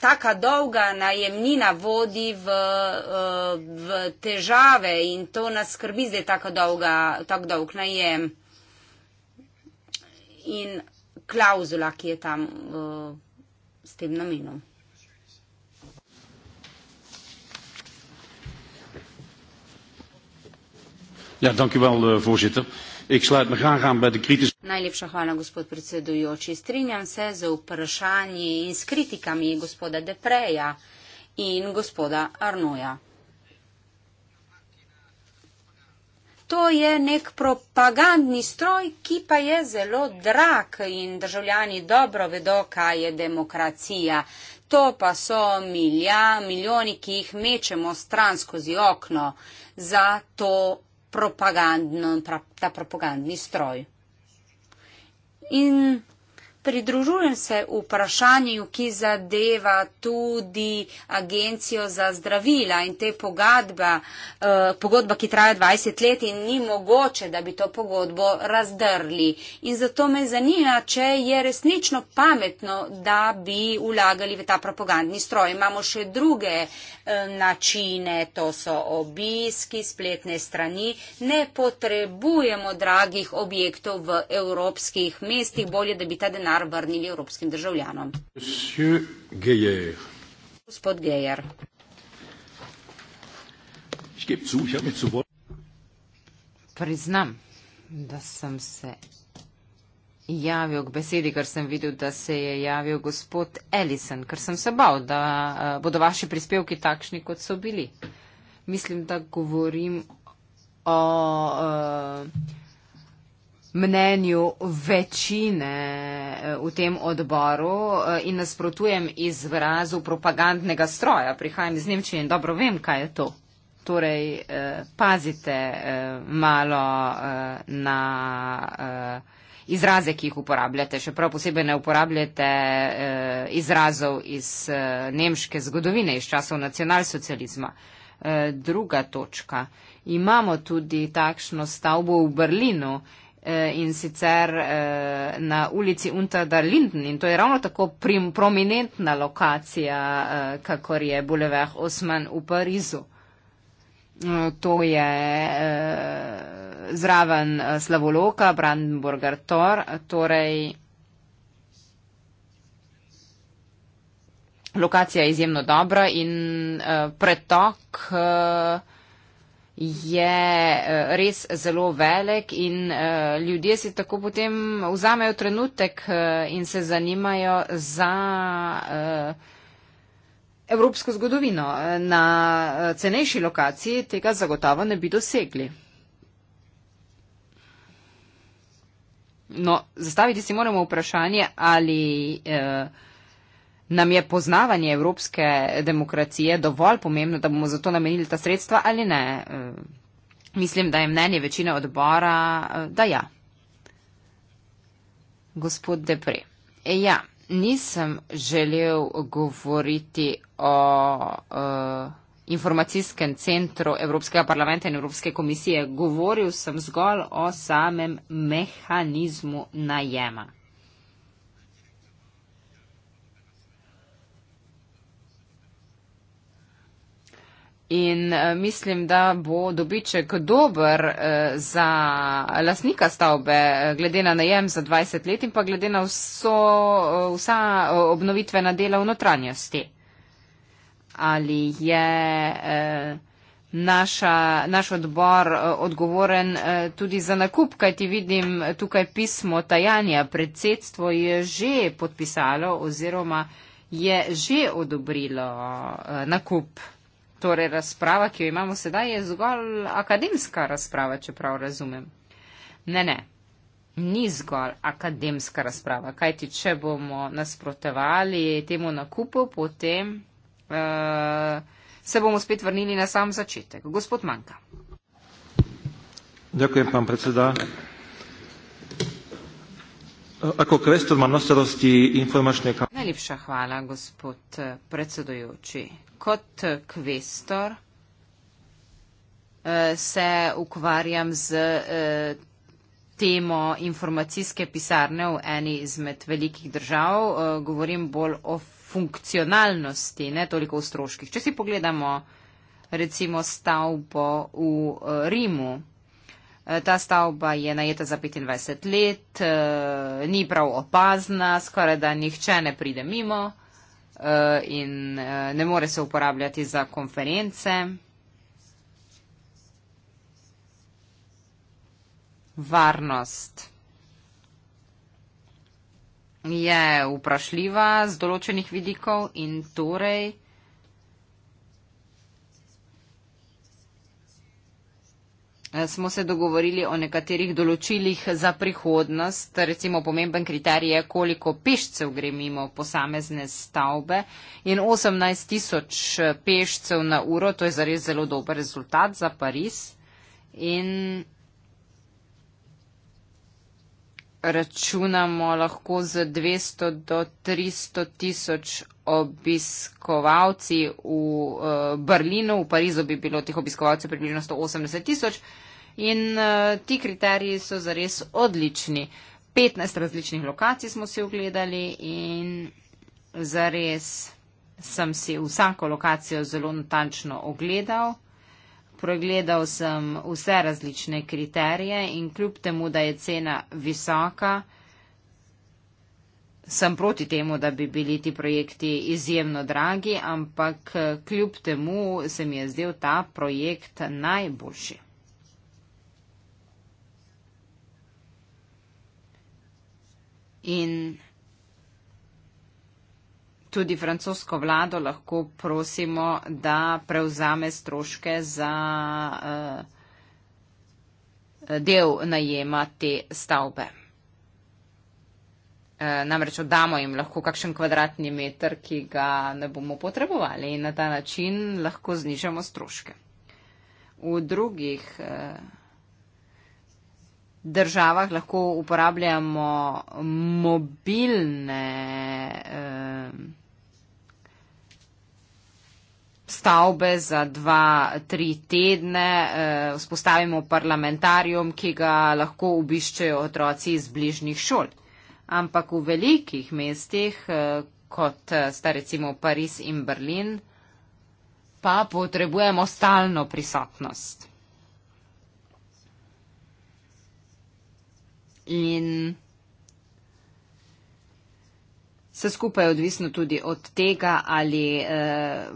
taka dolga najemnina vodi v, v težave in to nas skrbi, da je tako dolg najem in klauzula, ki je tam uh, s tem namenom. Ja, dankjewel, eh, voorzitter. Ik sluit me graag aan bij de kritische. Najlepša hvala, gospod predsedujoči. Strinjam se z vprašanji in s kritikami gospoda Depreja in gospoda Arnoja. to je nek propagandni stroj, ki pa je zelo drag in državljani dobro vedo, kaj je demokracija. To pa so milja, milijoni, ki jih mečemo stran skozi okno za to propagandno, ta propagandni stroj. In Pridružujem se vprašanju, ki zadeva tudi agencijo za zdravila in te pogodbe, eh, pogodba, ki traja 20 let in ni mogoče, da bi to pogodbo razdrli. In zato me zanima, če je resnično pametno, da bi ulagali v ta propagandni stroj. Imamo še druge eh, načine, to so obiski, spletne strani. Ne potrebujemo dragih objektov v evropskih mestih, bolje, da bi ta denar denar vrnili evropskim državljanom. Gospod Gejer. Priznam, da sem se javil k besedi, ker sem videl, da se je javil gospod Ellison, ker sem se bal, da eh, bodo vaši prispevki takšni, kot so bili. Mislim, da govorim o uh, mnenju večine v tem odboru eh, in nasprotujem izrazu propagandnega stroja. Prihajam iz Nemčije in dobro vem, kaj je to. Torej, eh, pazite eh, malo na izraze, ki jih uporabljate. Še prav posebej ne uporabljate izrazov iz nemške zgodovine, iz časov nacionalsocializma. Druga točka. Imamo tudi takšno stavbo v Berlinu Eh, in sicer eh, na ulici Unter der Linden in to je ravno tako prim, prominentna lokacija, eh, kakor je Boulevard Osman v Parizu. To je zraven Slavoloka, Brandenburger Tor, torej lokacija je izjemno dobra in pretok je eh, res zelo velik in eh, ljudje si tako potem vzamejo trenutek eh, in se zanimajo za evropsko zgodovino. Na cenejši lokaciji tega zagotovo ne bi dosegli. No, zastaviti si moramo vprašanje, ali eh, Nam je poznavanje evropske demokracije dovolj pomembno, da bomo zato namenili ta sredstva ali ne? E, mislim, da je mnenje večine odbora, e, da ja. Gospod Depre. E, ja, nisem želel govoriti o uh, informacijskem centru Evropskega parlamenta in Evropske komisije. Govoril sem zgolj o samem mehanizmu najema. In uh, mislim, da bo dobiček dober uh, za lasnika stavbe, eh, glede na najem za 20 let in pa glede na vso, uh, vsa obnovitvena dela v notranjosti. Ali je uh, naša, naš odbor uh, odgovoren uh, tudi za nakup, kaj ti vidim tukaj pismo tajanja. Predsedstvo je že podpisalo oziroma je že odobrilo uh, nakup. Torej, razprava, ki jo imamo sedaj, je zgolj akademska razprava, če prav razumem. Ne, ne, ni zgolj akademska razprava, kajti če bomo nasprotevali temu nakupu, potem uh, se bomo spet vrnili na sam začetek. Gospod Manka. Ďakujem, pán predseda. Ako kvestor mám na starosti informačné kampanie. Najlepšia chvála, gospod eh, predsedujúci kot kvestor eh, se ukvarjam z eh, temo informacijske pisarne v eni izmed velikih držav. Eh, govorim bolj o funkcionalnosti, ne toliko o stroških. Če si pogledamo recimo stavbo v Rimu, ta stavba je najeta za 25 let, ni prav opazna, skoraj da nihče ne pride mimo. Eh, in eh, ne more se uporabljati za konference. Varnost je vprašljiva z določenih vidikov in torej Eh, smo se dogovorili o nekaterih določilih za prihodnost. Recimo pomemben kriterij je, koliko pešcev gre mimo posamezne stavbe in 18 tisoč eh, pešcev na uro, to je zares zelo dober rezultat za Pariz. In računamo lahko z 200 do 300 tisoč obiskovalci v uh, Berlinu, v Parizu bi bilo teh obiskovalcev približno 180 tisoč in uh, ti kriteriji so zares odlični. 15 različnih lokacij smo si ogledali in zares sem si vsako lokacijo zelo natančno ogledal pregledal sem vse različne kriterije in kljub temu, da je cena visoka, sem proti temu, da bi bili ti projekti izjemno dragi, ampak kljub temu se mi je zdel ta projekt najboljši. In tudi francosko vlado lahko prosimo, da prevzame stroške za uh, del najema te stavbe. Uh, namreč oddamo jim lahko kakšen kvadratni meter, ki ga ne bomo potrebovali in na ta način lahko znižamo stroške. V drugih uh, državah lahko uporabljamo mobilne. Uh, stavbe za dva, tri tedne, eh, vzpostavimo parlamentarijum, ki ga lahko obiščejo otroci iz bližnjih šol. Ampak v velikih mestih, eh, kot eh, sta recimo Pariz in Berlin, pa potrebujemo stalno prisotnost. In Vse skupaj je odvisno tudi od tega, ali eh,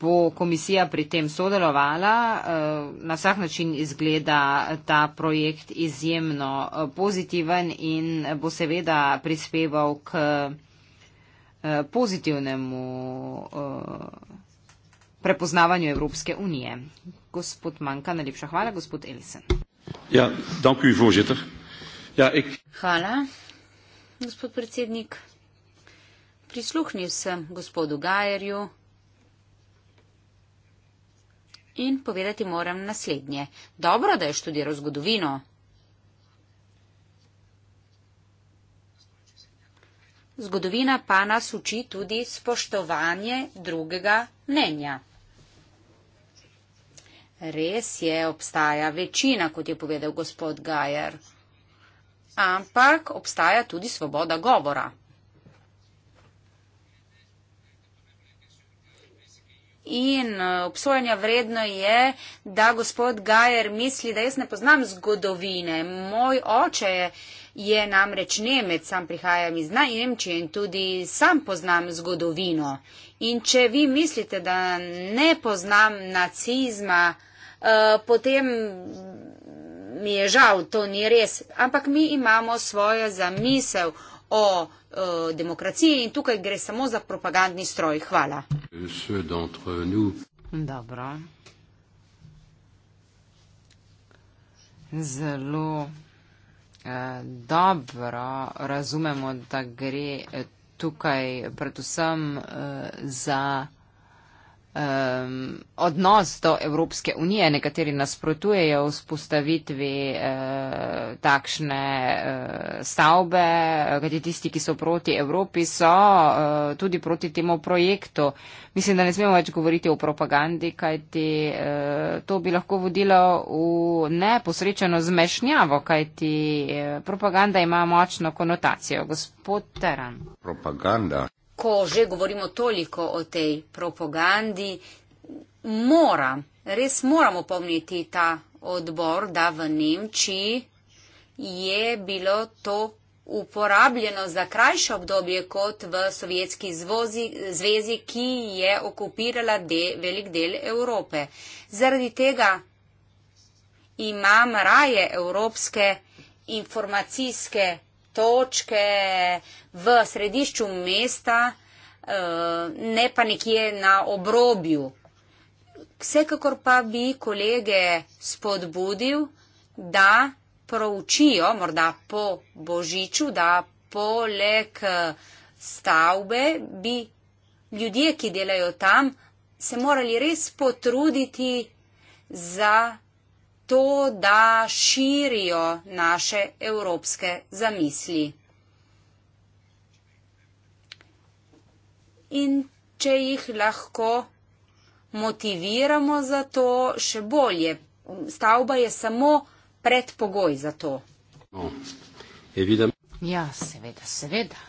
bo komisija pri tem sodelovala. Eh, na vsak način izgleda ta projekt izjemno eh, pozitiven in bo seveda prispeval k pozitivnemu prepoznavanju Evropske unije. Gospod Manka, najlepša hvala. Gospod Elisen. Ja, dank u, voorzitter. Ja, ik... Hvala, gospod predsednik. Prisluhnil sem gospodu Gajerju in povedati moram naslednje. Dobro, da je študiral zgodovino. Zgodovina pa nas uči tudi spoštovanje drugega mnenja. Res je, obstaja večina, kot je povedal gospod Gajer. Ampak obstaja tudi svoboda govora. In eh, obsojanja vredno je, da gospod Gajer misli, da jaz ne poznam zgodovine. Moj oče je, je namreč Nemec, sam prihajam iz Nemčije in tudi sam poznam zgodovino. In če vi mislite, da ne poznam nacizma, eh, potem mi je žal, to ni res. Ampak mi imamo svojo zamisel o e, demokraciji in tukaj gre samo za propagandni stroj. Hvala. Dobro. Zelo e, dobro razumemo, da gre eh, tukaj predvsem e, za um, odnos do Evropske unije. Nekateri nasprotujejo vzpostavitvi uh, takšne uh, stavbe, uh, kajti tisti, ki so proti Evropi, so uh, tudi proti temu projektu. Mislim, da ne smemo več govoriti o propagandi, kajti uh, to bi lahko vodilo v neposrečeno zmešnjavo, kajti uh, propaganda ima močno konotacijo. Gospod Teran. Propaganda ko že govorimo toliko o tej propagandi, mora, res moramo pomniti ta odbor, da v Nemčiji je bilo to uporabljeno za krajše obdobje kot v Sovjetski zvozi, zvezi, ki je okupirala de, velik del Evrope. Zaradi tega imam raje evropske informacijske točke v središču mesta, eh, ne pa nekje na obrobju. Vsekakor pa bi kolege spodbudil, da proučijo, morda po božiču, da poleg eh, stavbe bi ljudje, ki delajo tam, se morali res potruditi za to, da širijo naše evropske zamisli. In če jih lahko motiviramo za to, še bolje. Stavba je samo predpogoj za to. No, ja, seveda, seveda.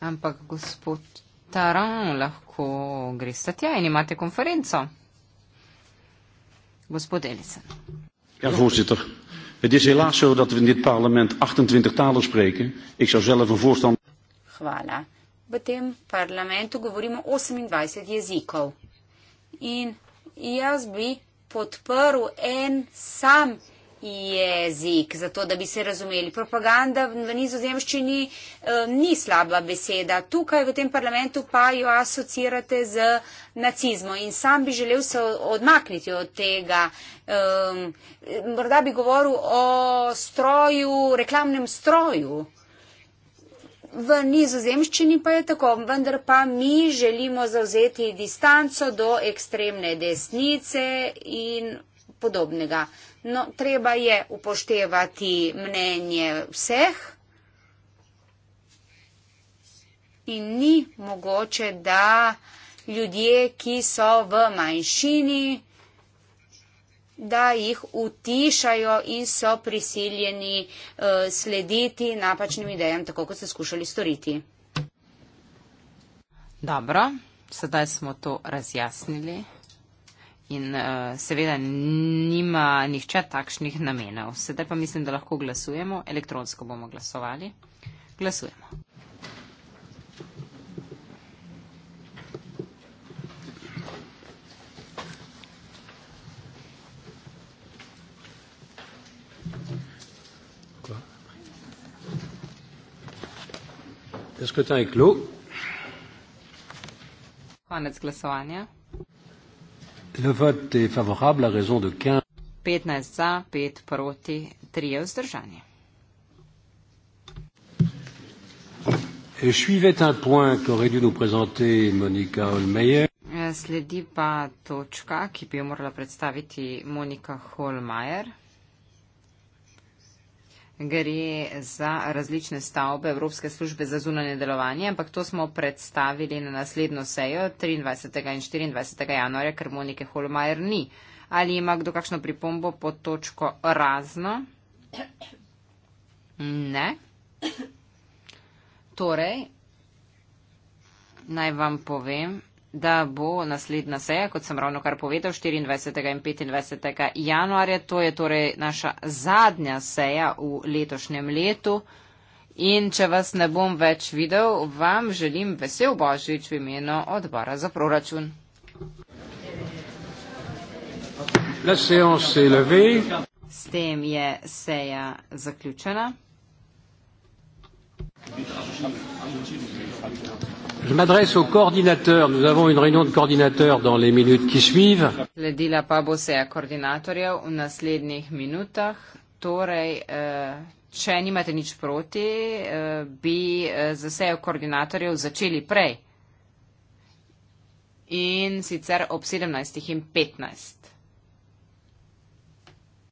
Ampak gospod Taran lahko greste tja in imate konferenco. Gospod Ellison. Ja, voorzitter. Het is helaas zo dat we in dit parlement 28 talen spreken. Ik zou zelf een voorstander. Hvala. V tem parlamentu govorimo 28 jezikov. In jaz bi podprl en sam jezik jezik, zato da bi se razumeli. Propaganda v nizozemščini eh, ni slaba beseda. Tukaj v tem parlamentu pa jo asocirate z nacizmom in sam bi želel se odmakniti od tega. Ehm, morda bi govoril o stroju, reklamnem stroju. V nizozemščini pa je tako, vendar pa mi želimo zauzeti distanco do ekstremne desnice in podobnega. No, treba je upoštevati mnenje vseh in ni mogoče, da ljudje, ki so v manjšini, da jih utišajo in so prisiljeni uh, slediti napačnim idejam, tako kot so skušali storiti. Dobro, sedaj smo to razjasnili. In uh, seveda nima nihče takšnih namenov. Sedaj pa mislim, da lahko glasujemo, elektronsko bomo glasovali. Glasujemo. Konec glasovanja. 15 za, 5 proti, 3 vzdržanje. Et je suivais un point qu'aurait dû nous présenter Monica Holmeyer. Sledi pa točka, ki bi jo morala predstaviti Monika Holmeyer gre za različne stavbe Evropske službe za zunanje delovanje, ampak to smo predstavili na naslednjo sejo 23. in 24. januarja, ker Monike Holmajer ni. Ali ima kdo kakšno pripombo pod točko razno? Ne. Torej, naj vam povem, da bo naslednja seja, kot sem ravno kar povedal, 24. in 25. januarja. To je torej naša zadnja seja v letošnjem letu. In če vas ne bom več videl, vam želim vesel božič v imenu odbora za proračun. S tem je seja zaključena. Thank you. Je m'adresse aux coordinateurs. Nous avons une réunion de coordinateurs dans les minutes qui suivent. Sledila pa bo seja koordinatorjev v naslednjih minutah. Torej, eh, če nimate nič proti, eh, bi eh, za sejo koordinatorjev začeli prej. In sicer ob 17.15.